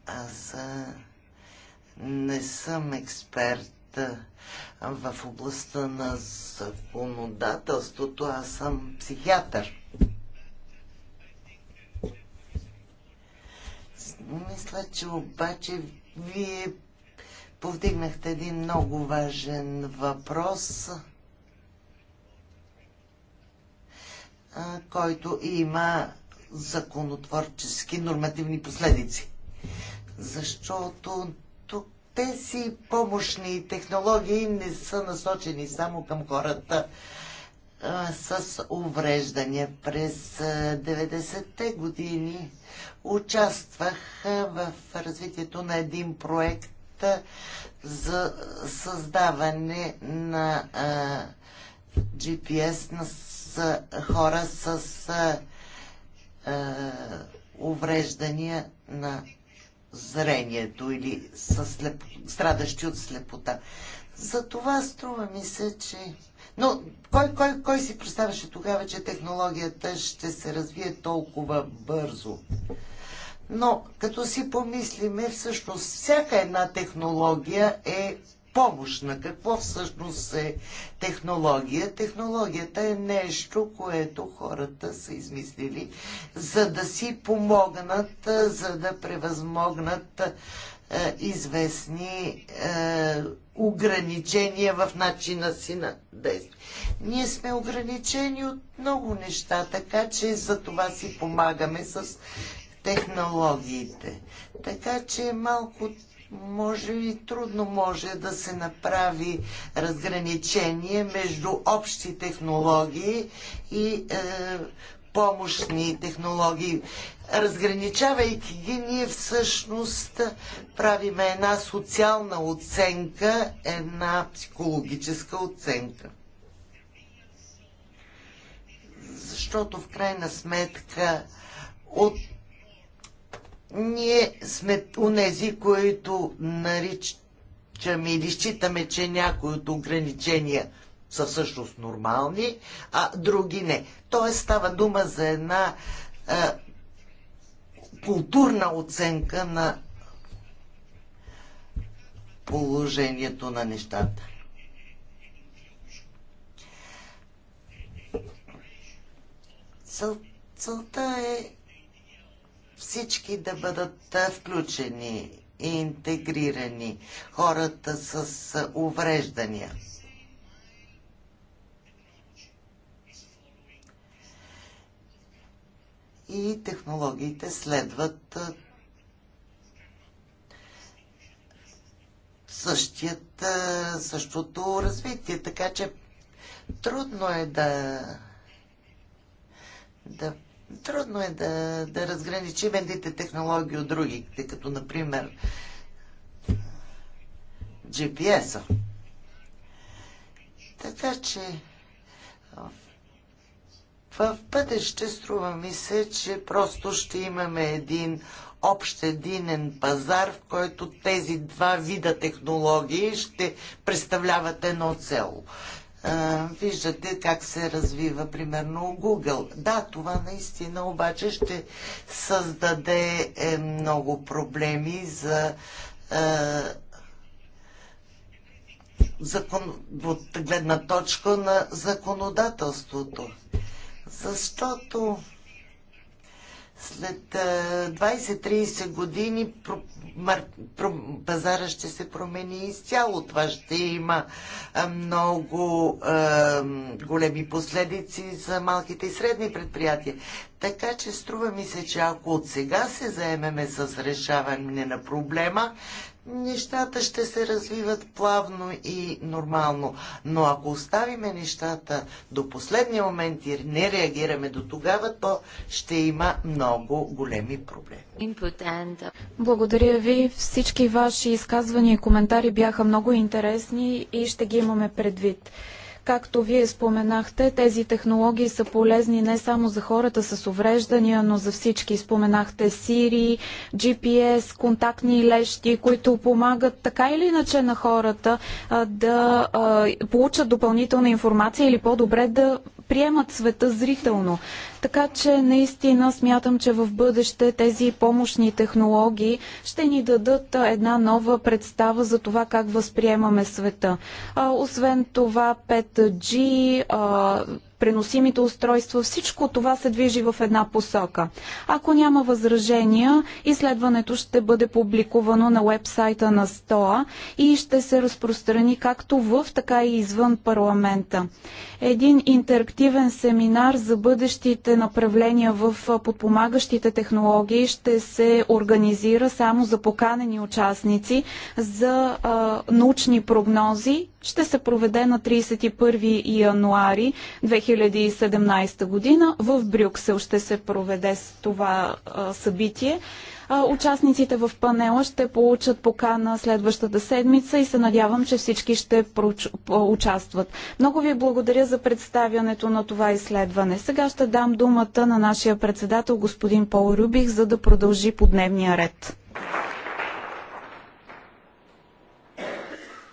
Аз не съм експерт в областта на законодателството, аз съм психиатър. Мисля, че обаче вие повдигнахте един много важен въпрос, който има законотворчески нормативни последици защото тук тези помощни технологии не са насочени само към хората с увреждания. През 90-те години участвах в развитието на един проект за създаване на GPS на хора с увреждания на зрението или са слеп... страдащи от слепота. За това струва ми се, че... Но кой, кой, кой си представяше тогава, че технологията ще се развие толкова бързо? Но като си помислиме, всъщност всяка една технология е помощ, на какво всъщност е технология. Технологията е нещо, което хората са измислили, за да си помогнат, е, за да превъзмогнат е, известни е, ограничения в начина си на действие. Ние сме ограничени от много неща, така че за това си помагаме с технологиите. Така че малко може и трудно може да се направи разграничение между общи технологии и е, помощни технологии. Разграничавайки ги, ние всъщност правиме една социална оценка, една психологическа оценка. Защото в крайна сметка от ние сме унези, които наричаме или считаме, че някои от ограничения са всъщност нормални, а други не. Тоест става дума за една а, е, културна оценка на положението на нещата. Целта е всички да бъдат включени и интегрирани хората с увреждания. И технологиите следват същият, същото развитие, така че трудно е да да трудно е да, да разграничим едните технологии от другите, като например GPS-а. Така че в бъдеще струва ми се, че просто ще имаме един общ единен пазар, в който тези два вида технологии ще представляват едно цело виждате как се развива, примерно, Google. Да, това наистина обаче ще създаде е, много проблеми за закон, от гледна точка на законодателството. Защото след 20-30 години пазара ще се промени изцяло. Това ще има много големи последици за малките и средни предприятия. Така че струва ми се, че ако от сега се заемеме с решаване на проблема, нещата ще се развиват плавно и нормално. Но ако оставиме нещата до последния момент и не реагираме до тогава, то ще има много големи проблеми. Uh, Благодаря ви. Всички ваши изказвания и коментари бяха много интересни и ще ги имаме предвид. Както вие споменахте, тези технологии са полезни не само за хората с увреждания, но за всички. Споменахте Siri, GPS, контактни лещи, които помагат така или иначе на хората да получат допълнителна информация или по-добре да възприемат света зрително. Така че наистина смятам, че в бъдеще тези помощни технологии ще ни дадат една нова представа за това как възприемаме света. А, освен това 5G, а, преносимите устройства, всичко това се движи в една посока. Ако няма възражения, изследването ще бъде публикувано на вебсайта на СТОА и ще се разпространи както в, така и извън парламента. Един интерактивен семинар за бъдещите направления в подпомагащите технологии ще се организира само за поканени участници за а, научни прогнози ще се проведе на 31 януари 2017 година. В Брюксел ще се проведе това събитие. Участниците в панела ще получат покана следващата седмица и се надявам, че всички ще участват. Много ви благодаря за представянето на това изследване. Сега ще дам думата на нашия председател господин Пол Рюбих, за да продължи по дневния ред.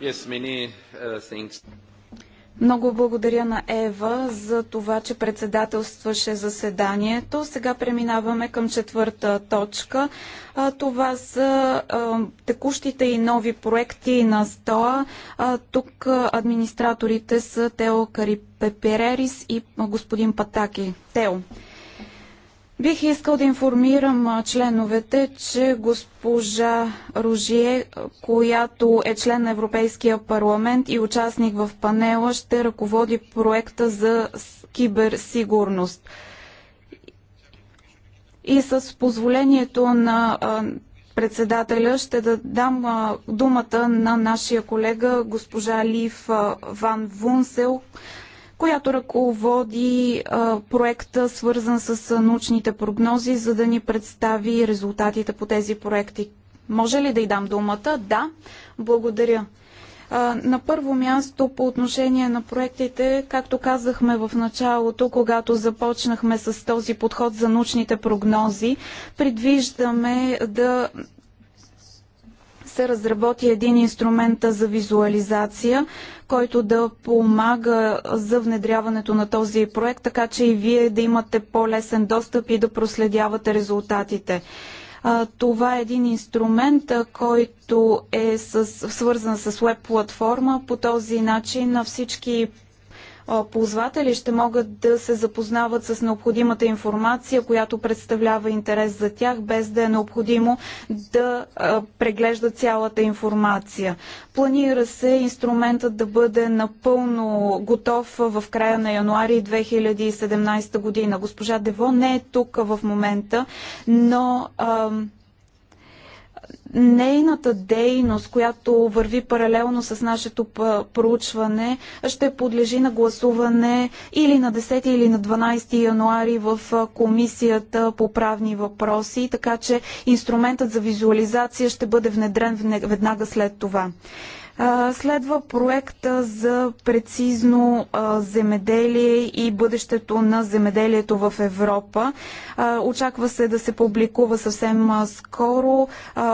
Yes, many, uh, Много благодаря на Ева за това, че председателстваше заседанието. Сега преминаваме към четвърта точка. Това са текущите и нови проекти на СТОА. Тук администраторите са Тео Карипеперерис и господин Патаки. Тео. Бих искал да информирам членовете, че госпожа Ружие, която е член на Европейския парламент и участник в панела, ще ръководи проекта за киберсигурност. И с позволението на председателя ще дам думата на нашия колега госпожа Лив Ван Вунсел, която ръководи а, проекта, свързан с научните прогнози, за да ни представи резултатите по тези проекти. Може ли да й дам думата? Да. Благодаря. На първо място по отношение на проектите, както казахме в началото, когато започнахме с този подход за научните прогнози, предвиждаме да се разработи един инструмент за визуализация, който да помага за внедряването на този проект, така че и вие да имате по-лесен достъп и да проследявате резултатите. Това е един инструмент, който е с, свързан с веб платформа. По този начин всички ползватели ще могат да се запознават с необходимата информация, която представлява интерес за тях, без да е необходимо да преглеждат цялата информация. Планира се инструментът да бъде напълно готов в края на януари 2017 година. Госпожа Дево не е тук в момента, но. Ам, нейната дейност, която върви паралелно с нашето проучване, ще подлежи на гласуване или на 10 или на 12 януари в Комисията по правни въпроси, така че инструментът за визуализация ще бъде внедрен веднага след това. Следва проекта за прецизно земеделие и бъдещето на земеделието в Европа. Очаква се да се публикува съвсем скоро,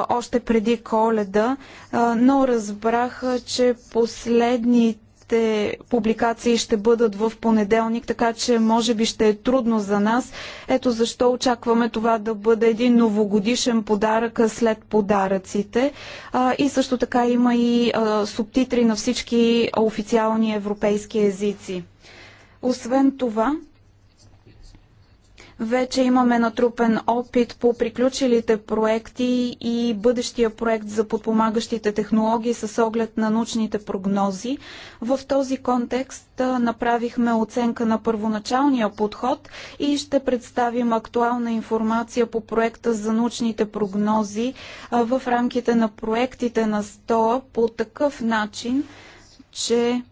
още преди коледа, но разбрах, че последните Първите публикации ще бъдат в понеделник, така че може би ще е трудно за нас. Ето защо очакваме това да бъде един новогодишен подарък след подаръците. И също така има и субтитри на всички официални европейски езици. Освен това, вече имаме натрупен опит по приключилите проекти и бъдещия проект за подпомагащите технологии с оглед на научните прогнози. В този контекст направихме оценка на първоначалния подход и ще представим актуална информация по проекта за научните прогнози в рамките на проектите на СТОА по такъв начин, че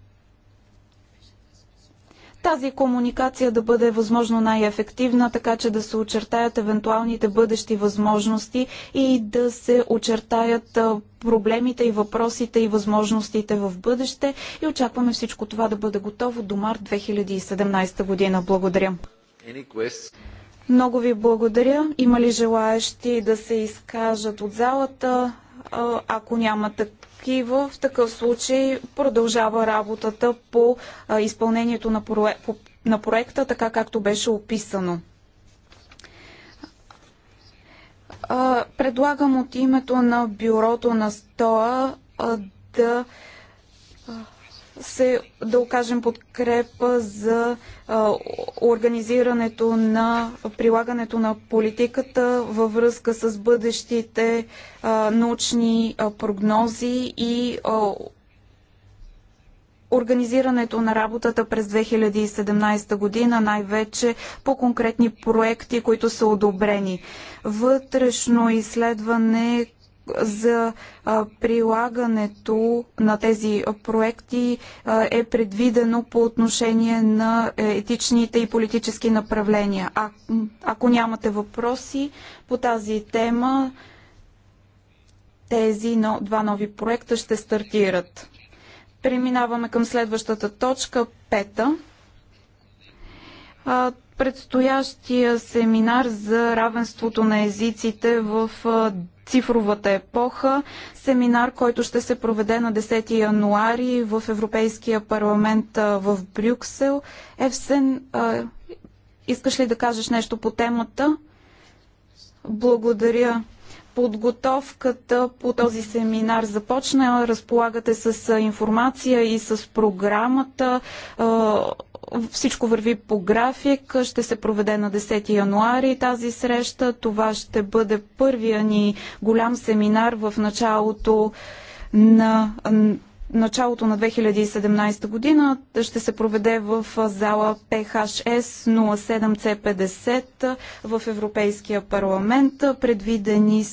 тази комуникация да бъде възможно най-ефективна, така че да се очертаят евентуалните бъдещи възможности и да се очертаят проблемите и въпросите и възможностите в бъдеще и очакваме всичко това да бъде готово до март 2017 година. Благодаря. Много ви благодаря. Има ли желаящи да се изкажат от залата? ако няма такива, в такъв случай продължава работата по изпълнението на, проек, на проекта, така както беше описано. Предлагам от името на бюрото на СТОА да се да окажем подкрепа за а, организирането на прилагането на политиката във връзка с бъдещите а, научни а, прогнози и организирането на работата през 2017 година, най-вече по конкретни проекти, които са одобрени. Вътрешно изследване, за прилагането на тези проекти е предвидено по отношение на е, етичните и политически направления. А, ако нямате въпроси по тази тема, тези два нови проекта ще стартират. Преминаваме към следващата точка, пета предстоящия семинар за равенството на езиците в цифровата епоха. Семинар, който ще се проведе на 10 януари в Европейския парламент в Брюксел. Евсен, искаш ли да кажеш нещо по темата? Благодаря. Подготовката по този семинар започна. Разполагате с информация и с програмата всичко върви по график. Ще се проведе на 10 януари тази среща. Това ще бъде първия ни голям семинар в началото на началото на 2017 година ще се проведе в зала PHS 07C50 в Европейския парламент. Предвидени,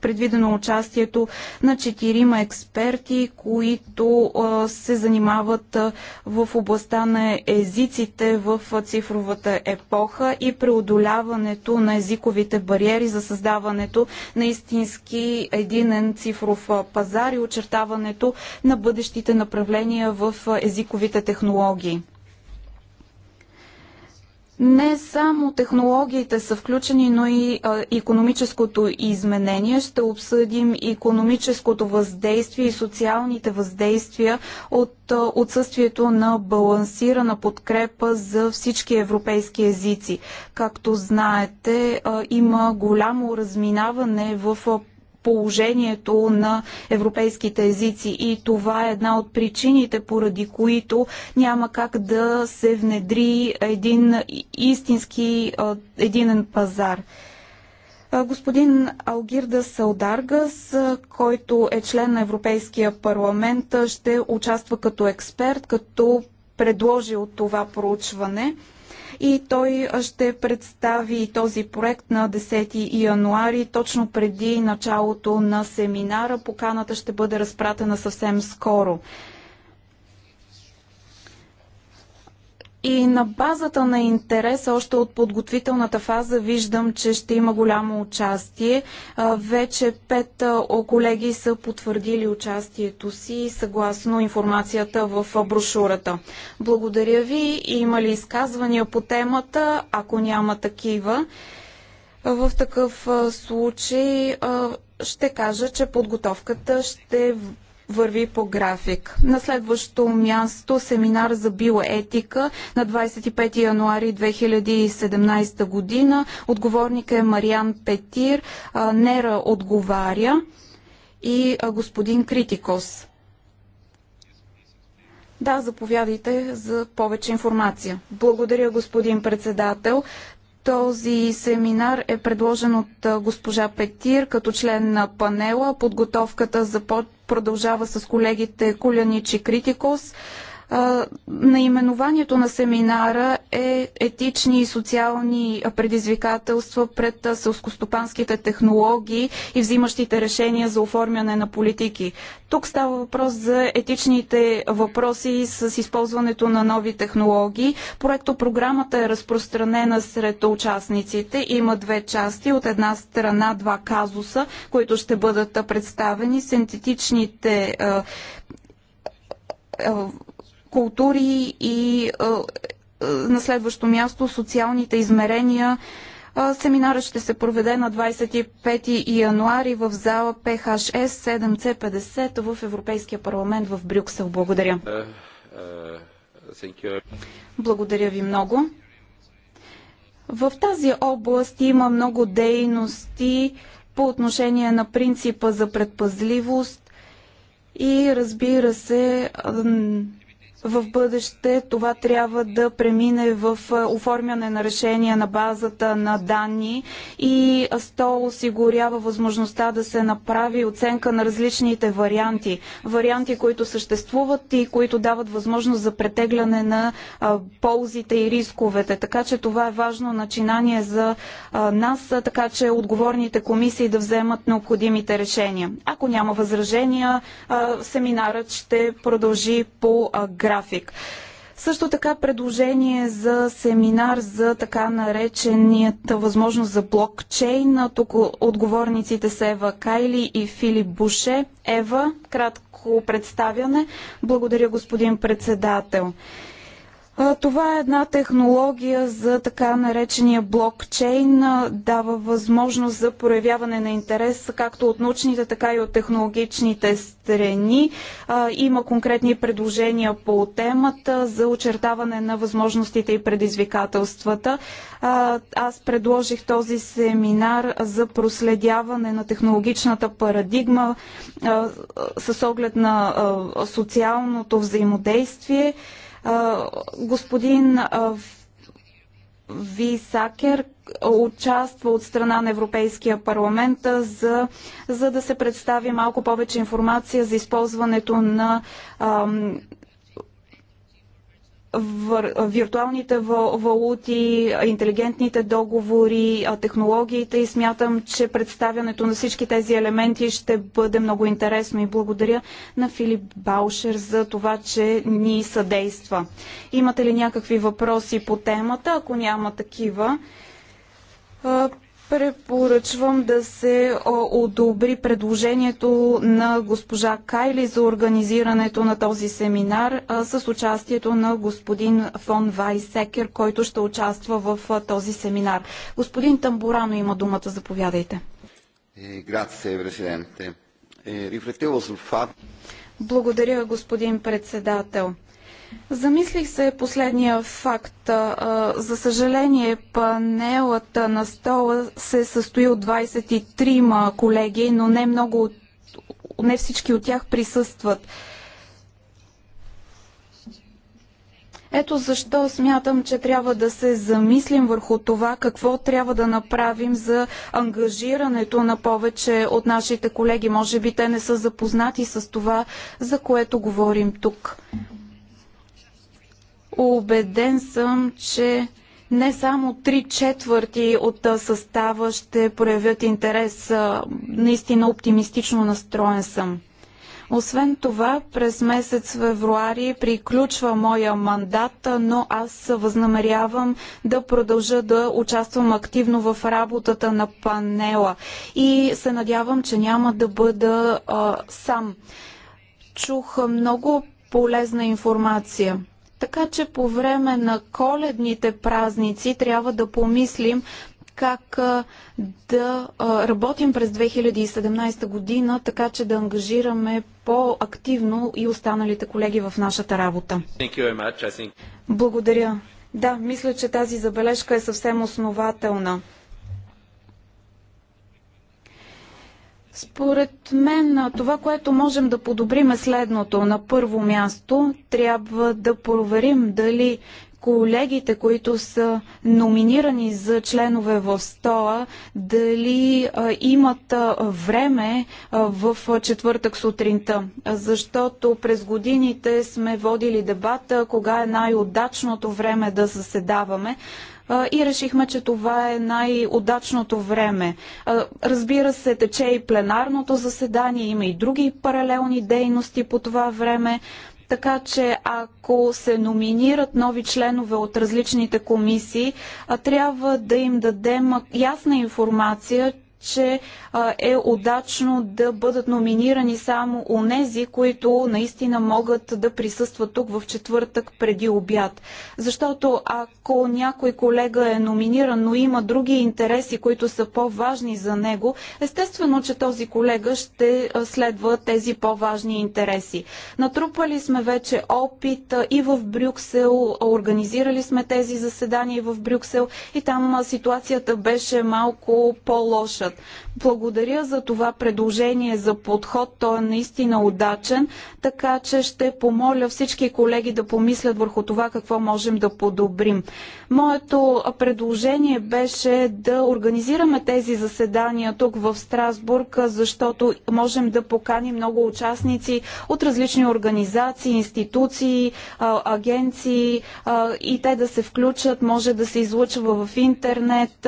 предвидено участието на четирима експерти, които се занимават в областта на езиците в цифровата епоха и преодоляването на езиковите бариери за създаването на истински единен цифров пазар и очертаването на бъдещето бъдещите направления в езиковите технологии. Не само технологиите са включени, но и а, економическото изменение. Ще обсъдим економическото въздействие и социалните въздействия от а, отсъствието на балансирана подкрепа за всички европейски езици. Както знаете, а, има голямо разминаване в положението на европейските езици и това е една от причините, поради които няма как да се внедри един истински единен пазар. Господин Алгирда Салдаргас, който е член на Европейския парламент, ще участва като експерт, като предложил това проучване и той ще представи този проект на 10 януари, точно преди началото на семинара. Поканата ще бъде разпратена съвсем скоро. И на базата на интереса, още от подготвителната фаза, виждам, че ще има голямо участие. Вече пет колеги са потвърдили участието си съгласно информацията в брошурата. Благодаря ви. Има ли изказвания по темата? Ако няма такива, в такъв случай ще кажа, че подготовката ще върви по график. На следващо място семинар за биоетика на 25 януари 2017 година. Отговорник е Мариан Петир, Нера отговаря и господин Критикос. Да, заповядайте за повече информация. Благодаря, господин председател. Този семинар е предложен от госпожа Петир като член на панела. Подготовката за под... продължава с колегите Кулянич и Критикос. Наименованието на семинара е етични и социални предизвикателства пред селскостопанските технологии и взимащите решения за оформяне на политики. Тук става въпрос за етичните въпроси с използването на нови технологии. Проекто програмата е разпространена сред участниците. Има две части. От една страна два казуса, които ще бъдат представени. Синтетичните култури и на следващо място социалните измерения. Семинарът ще се проведе на 25 януари в зала PHS 7C50 в Европейския парламент в Брюксел. Благодаря. Е, е, Благодаря ви много. В тази област има много дейности по отношение на принципа за предпазливост и разбира се в бъдеще това трябва да премине в е, оформяне на решения на базата на данни и то осигурява възможността да се направи оценка на различните варианти. Варианти, които съществуват и които дават възможност за претегляне на е, ползите и рисковете. Така че това е важно начинание за е, нас, така че отговорните комисии да вземат необходимите решения. Ако няма възражения, семинарът ще продължи по график график. Също така предложение за семинар за така нареченията възможност за блокчейн. Тук отговорниците са Ева Кайли и Филип Буше. Ева, кратко представяне. Благодаря, господин председател. Това е една технология за така наречения блокчейн, дава възможност за проявяване на интерес както от научните, така и от технологичните страни. Има конкретни предложения по темата за очертаване на възможностите и предизвикателствата. Аз предложих този семинар за проследяване на технологичната парадигма с оглед на социалното взаимодействие господин Висакер участва от страна на Европейския парламент, за, за да се представи малко повече информация за използването на ам, виртуалните валути, интелигентните договори, технологиите и смятам, че представянето на всички тези елементи ще бъде много интересно и благодаря на Филип Баушер за това, че ни съдейства. Имате ли някакви въпроси по темата? Ако няма такива, Препоръчвам да се одобри предложението на госпожа Кайли за организирането на този семинар с участието на господин фон Вайсекер, който ще участва в този семинар. Господин Тамбурано има думата, заповядайте. Е, грация, президенте. Е, Благодаря, господин председател. Замислих се последния факт. За съжаление, панелът на стола се състои от 23 колеги, но не много не всички от тях присъстват. Ето защо смятам, че трябва да се замислим върху това какво трябва да направим за ангажирането на повече от нашите колеги. Може би те не са запознати с това, за което говорим тук. Обеден съм, че не само три четвърти от състава ще проявят интерес. Наистина оптимистично настроен съм. Освен това, през месец февруари приключва моя мандат, но аз възнамерявам да продължа да участвам активно в работата на панела и се надявам, че няма да бъда а, сам. Чух много полезна информация. Така че по време на коледните празници трябва да помислим как да работим през 2017 година, така че да ангажираме по-активно и останалите колеги в нашата работа. Благодаря. Да, мисля, че тази забележка е съвсем основателна. Според мен това, което можем да подобрим е следното. На първо място трябва да проверим дали колегите, които са номинирани за членове в стола, дали а, имат а, време а, в четвъртък сутринта. Защото през годините сме водили дебата кога е най-удачното време да заседаваме и решихме, че това е най-удачното време. Разбира се, тече и пленарното заседание, има и други паралелни дейности по това време, така че ако се номинират нови членове от различните комисии, трябва да им дадем ясна информация, че е удачно да бъдат номинирани само онези, които наистина могат да присъстват тук в четвъртък преди обяд. Защото ако някой колега е номиниран, но има други интереси, които са по-важни за него, естествено, че този колега ще следва тези по-важни интереси. Натрупали сме вече опит и в Брюксел, организирали сме тези заседания и в Брюксел и там ситуацията беше малко по-лоша финансират. Благодаря за това предложение за подход. Той е наистина удачен, така че ще помоля всички колеги да помислят върху това какво можем да подобрим. Моето предложение беше да организираме тези заседания тук в Страсбург, защото можем да поканим много участници от различни организации, институции, агенции и те да се включат, може да се излъчва в интернет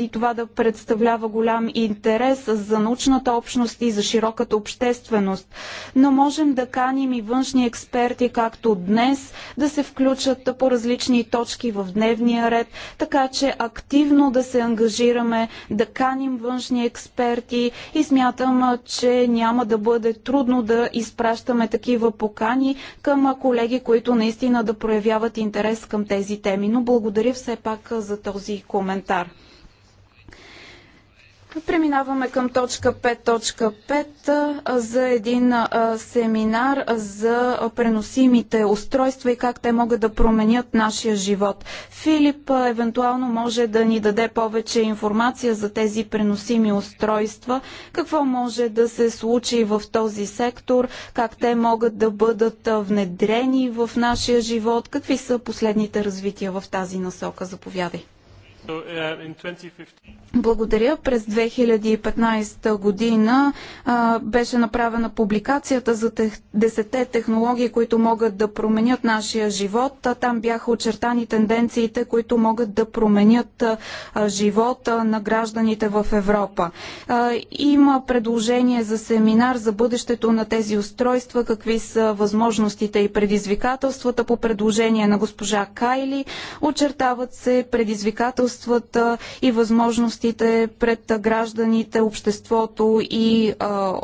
и това да представлява голям интерес интерес за научната общност и за широката общественост. Но можем да каним и външни експерти, както днес, да се включат по различни точки в дневния ред, така че активно да се ангажираме, да каним външни експерти и смятам, че няма да бъде трудно да изпращаме такива покани към колеги, които наистина да проявяват интерес към тези теми. Но благодаря все пак за този коментар. Преминаваме към точка 5.5 за един семинар за преносимите устройства и как те могат да променят нашия живот. Филип евентуално може да ни даде повече информация за тези преносими устройства, какво може да се случи в този сектор, как те могат да бъдат внедрени в нашия живот, какви са последните развития в тази насока. Заповядай. Благодаря. През 2015 година а, беше направена публикацията за тех, 10-те технологии, които могат да променят нашия живот. А, там бяха очертани тенденциите, които могат да променят а, живота на гражданите в Европа. А, има предложение за семинар за бъдещето на тези устройства, какви са възможностите и предизвикателствата по предложение на госпожа Кайли. Очертават се предизвикателства предизвикателствата и възможностите пред гражданите, обществото и а,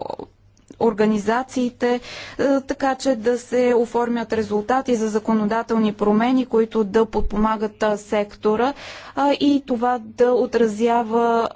организациите, е, така че да се оформят резултати за законодателни промени, които да подпомагат сектора и това да отразява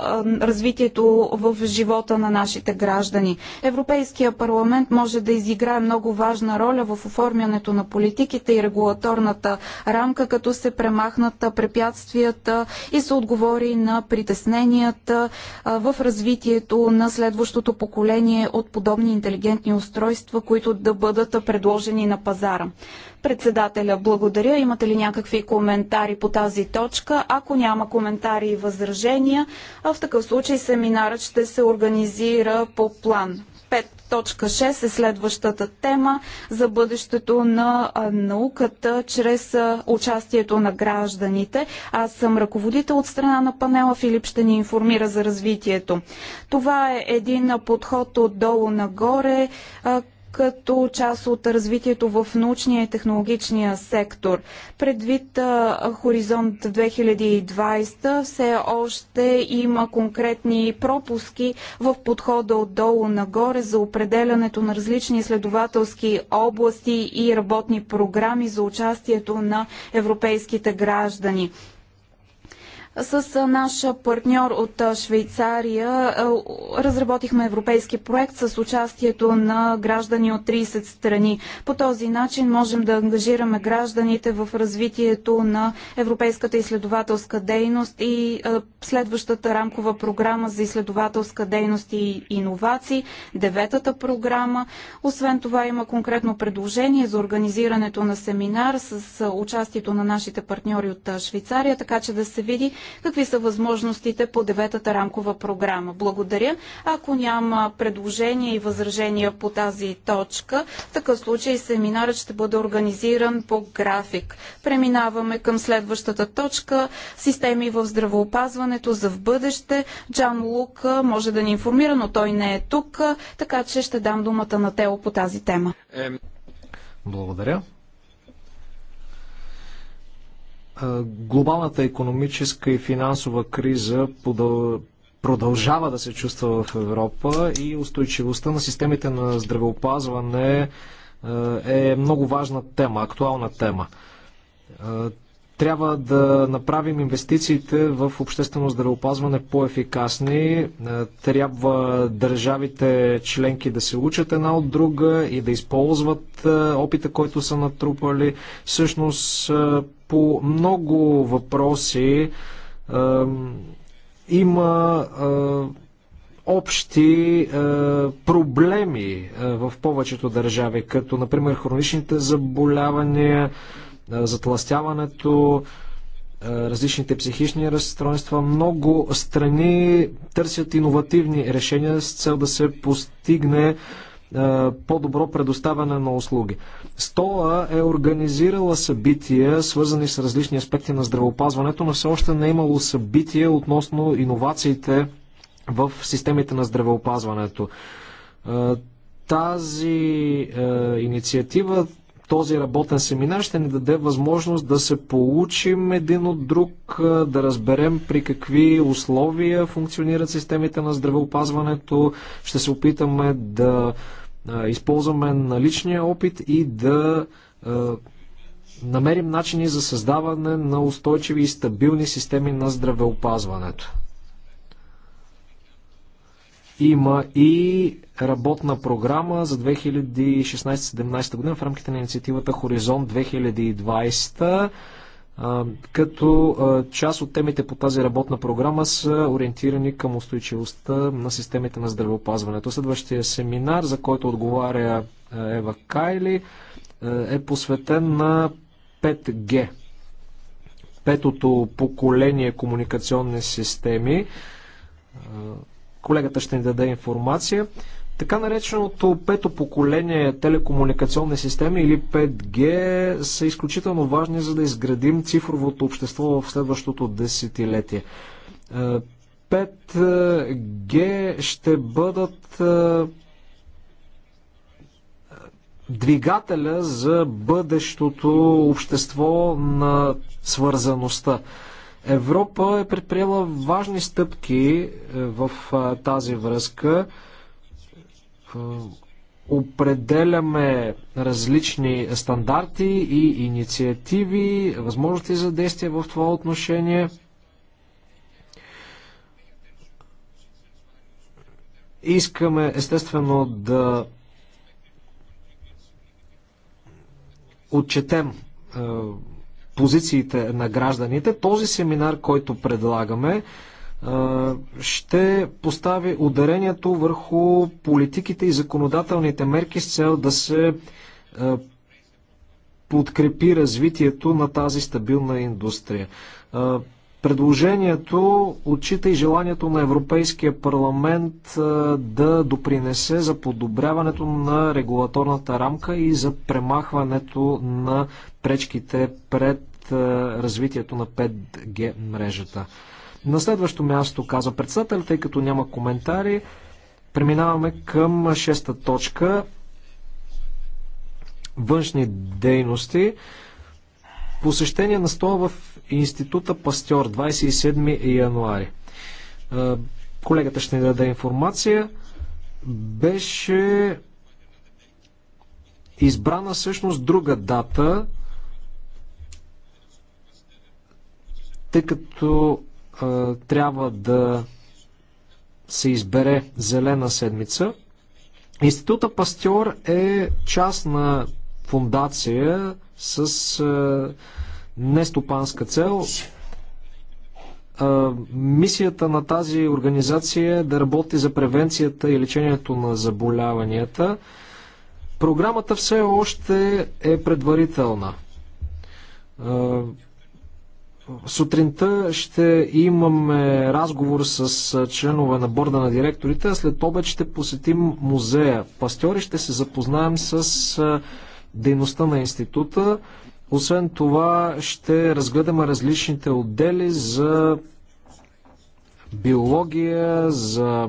развитието в живота на нашите граждани. Европейския парламент може да изиграе много важна роля в оформянето на политиките и регулаторната рамка, като се премахнат препятствията и се отговори на притесненията в развитието на следващото поколение от подобни интелигентни устройства, които да бъдат предложени на пазара. Председателя, благодаря. Имате ли някакви коментари по тази точка? Ако няма коментари и възражения, в такъв случай семинарът ще се организира по план. Точка 6 е следващата тема за бъдещето на науката чрез участието на гражданите. Аз съм ръководител от страна на панела. Филип ще ни информира за развитието. Това е един подход отдолу нагоре, като част от развитието в научния и технологичния сектор. Предвид Хоризонт 2020 все още има конкретни пропуски в подхода отдолу нагоре за определянето на различни изследователски области и работни програми за участието на европейските граждани. С наш партньор от Швейцария разработихме европейски проект с участието на граждани от 30 страни. По този начин можем да ангажираме гражданите в развитието на европейската изследователска дейност и следващата рамкова програма за изследователска дейност и иновации, деветата програма. Освен това има конкретно предложение за организирането на семинар с участието на нашите партньори от Швейцария, така че да се види какви са възможностите по деветата рамкова програма. Благодаря. Ако няма предложения и възражения по тази точка, в такъв случай семинарът ще бъде организиран по график. Преминаваме към следващата точка системи в здравоопазването за в бъдеще. Джан Лук може да ни информира, но той не е тук, така че ще дам думата на Тео по тази тема. Благодаря глобалната економическа и финансова криза продължава да се чувства в Европа и устойчивостта на системите на здравеопазване е много важна тема, актуална тема. Трябва да направим инвестициите в обществено здравеопазване по-ефикасни. Е, трябва държавите членки да се учат една от друга и да използват е, опита, който са натрупали. Всъщност е, по много въпроси има общи е, проблеми е, в повечето държави, като например хроничните заболявания, е, затластяването, е, различните психични разстройства. Много страни търсят иновативни решения с цел да се постигне е, по-добро предоставяне на услуги. Стола е организирала събития, свързани с различни аспекти на здравеопазването, но все още не е имало събития относно иновациите в системите на здравеопазването. Тази е, инициатива този работен семинар ще ни даде възможност да се получим един от друг, да разберем при какви условия функционират системите на здравеопазването. Ще се опитаме да използваме наличния опит и да намерим начини за създаване на устойчиви и стабилни системи на здравеопазването. Има и работна програма за 2016-17 година в рамките на инициативата Хоризонт 2020 като част от темите по тази работна програма са ориентирани към устойчивостта на системите на здравеопазването. Следващия семинар, за който отговаря Ева Кайли, е посветен на 5G. Петото поколение комуникационни системи. Колегата ще ни даде информация. Така нареченото пето поколение телекомуникационни системи или 5G са изключително важни за да изградим цифровото общество в следващото десетилетие. 5G е, ще бъдат е, двигателя за бъдещото общество на свързаността. Европа е предприела важни стъпки е, в тази връзка. Е, определяме различни стандарти и инициативи, възможности за действие в това отношение. Искаме естествено да отчетем е, позициите на гражданите, този семинар, който предлагаме, ще постави ударението върху политиките и законодателните мерки с цел да се подкрепи развитието на тази стабилна индустрия. Предложението отчита и желанието на Европейския парламент да допринесе за подобряването на регулаторната рамка и за премахването на пречките пред развитието на 5G мрежата. На следващо място, каза председател, тъй като няма коментари, преминаваме към шеста точка външни дейности посещение на стола в института Пастьор 27 януари. Колегата ще ни даде информация. Беше избрана всъщност друга дата, тъй като трябва да се избере зелена седмица. Института Пастьор е част на фундация с нестопанска цел. Мисията на тази организация е да работи за превенцията и лечението на заболяванията. Програмата все още е предварителна. Сутринта ще имаме разговор с членове на борда на директорите, а след обед ще посетим музея. Пастьори ще се запознаем с дейността на института. Освен това ще разгледаме различните отдели за биология, за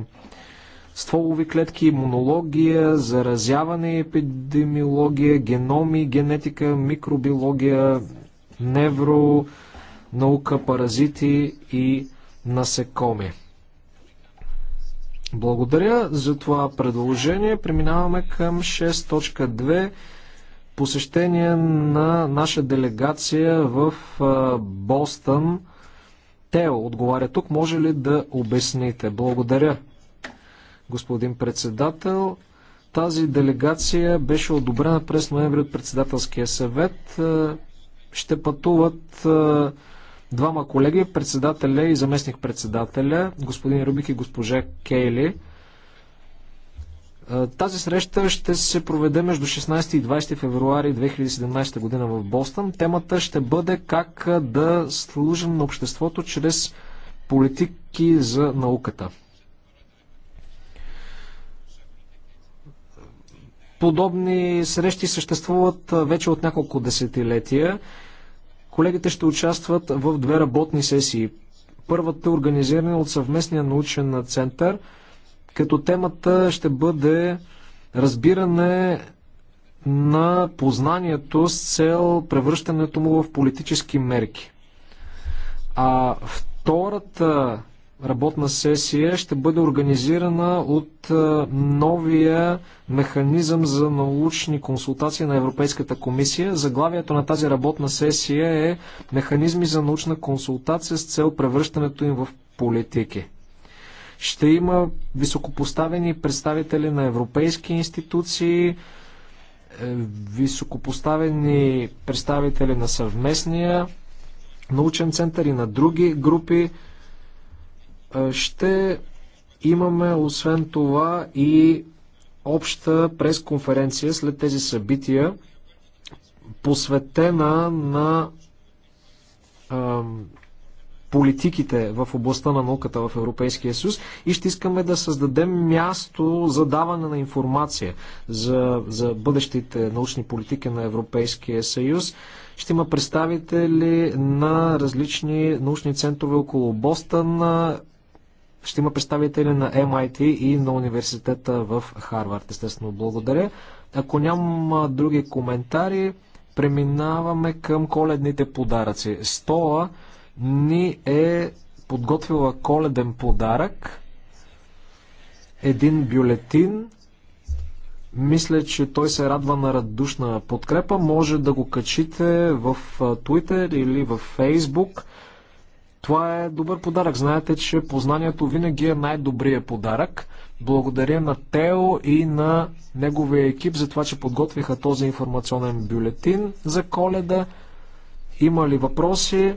стволови клетки, имунология, заразяване, епидемиология, геноми, генетика, микробиология, невро, наука, паразити и насекоми. Благодаря за това предложение. Преминаваме към 6.2 посещение на наша делегация в Бостън. Тео отговаря тук. Може ли да обясните? Благодаря, господин председател. Тази делегация беше одобрена през ноември от председателския съвет. Ще пътуват двама колеги, председателя и заместник-председателя, господин Рубик и госпожа Кейли. Тази среща ще се проведе между 16 и 20 февруари 2017 година в Бостън. Темата ще бъде как да служим на обществото чрез политики за науката. Подобни срещи съществуват вече от няколко десетилетия. Колегите ще участват в две работни сесии. Първата е организирана от съвместния научен център – като темата ще бъде разбиране на познанието с цел превръщането му в политически мерки. А втората работна сесия ще бъде организирана от новия механизъм за научни консултации на Европейската комисия. Заглавието на тази работна сесия е Механизми за научна консултация с цел превръщането им в политики. Ще има високопоставени представители на европейски институции, е, високопоставени представители на съвместния научен център и на други групи. Е, ще имаме освен това и обща пресконференция след тези събития, посветена на политиките в областта на науката в Европейския съюз и ще искаме да създадем място за даване на информация за, за бъдещите научни политики на Европейския съюз. Ще има представители на различни научни центрове около Бостън, ще има представители на MIT и на университета в Харвард. Естествено, благодаря. Ако няма други коментари, преминаваме към коледните подаръци. Стола ни е подготвила коледен подарък. Един бюлетин. Мисля, че той се радва на радушна подкрепа. Може да го качите в Twitter или в Facebook. Това е добър подарък. Знаете, че познанието винаги е най-добрият подарък. Благодаря на Тео и на неговия екип за това, че подготвиха този информационен бюлетин за коледа. Има ли въпроси?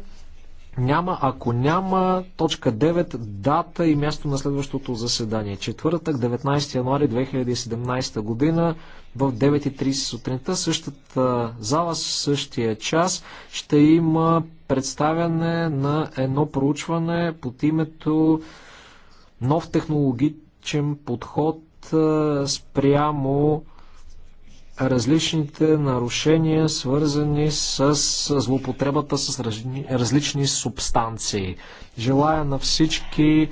Няма, ако няма, точка 9, дата и място на следващото заседание. Четвъртък, 19 януари 2017 година, в 9.30 сутринта, същата зала, същия час, ще има представяне на едно проучване под името Нов технологичен подход спрямо различните нарушения, свързани с злоупотребата с различни, различни субстанции. Желая на всички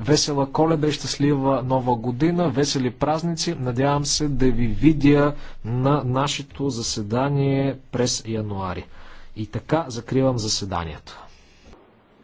весела коледа и щастлива нова година, весели празници. Надявам се да ви видя на нашето заседание през януари. И така закривам заседанието.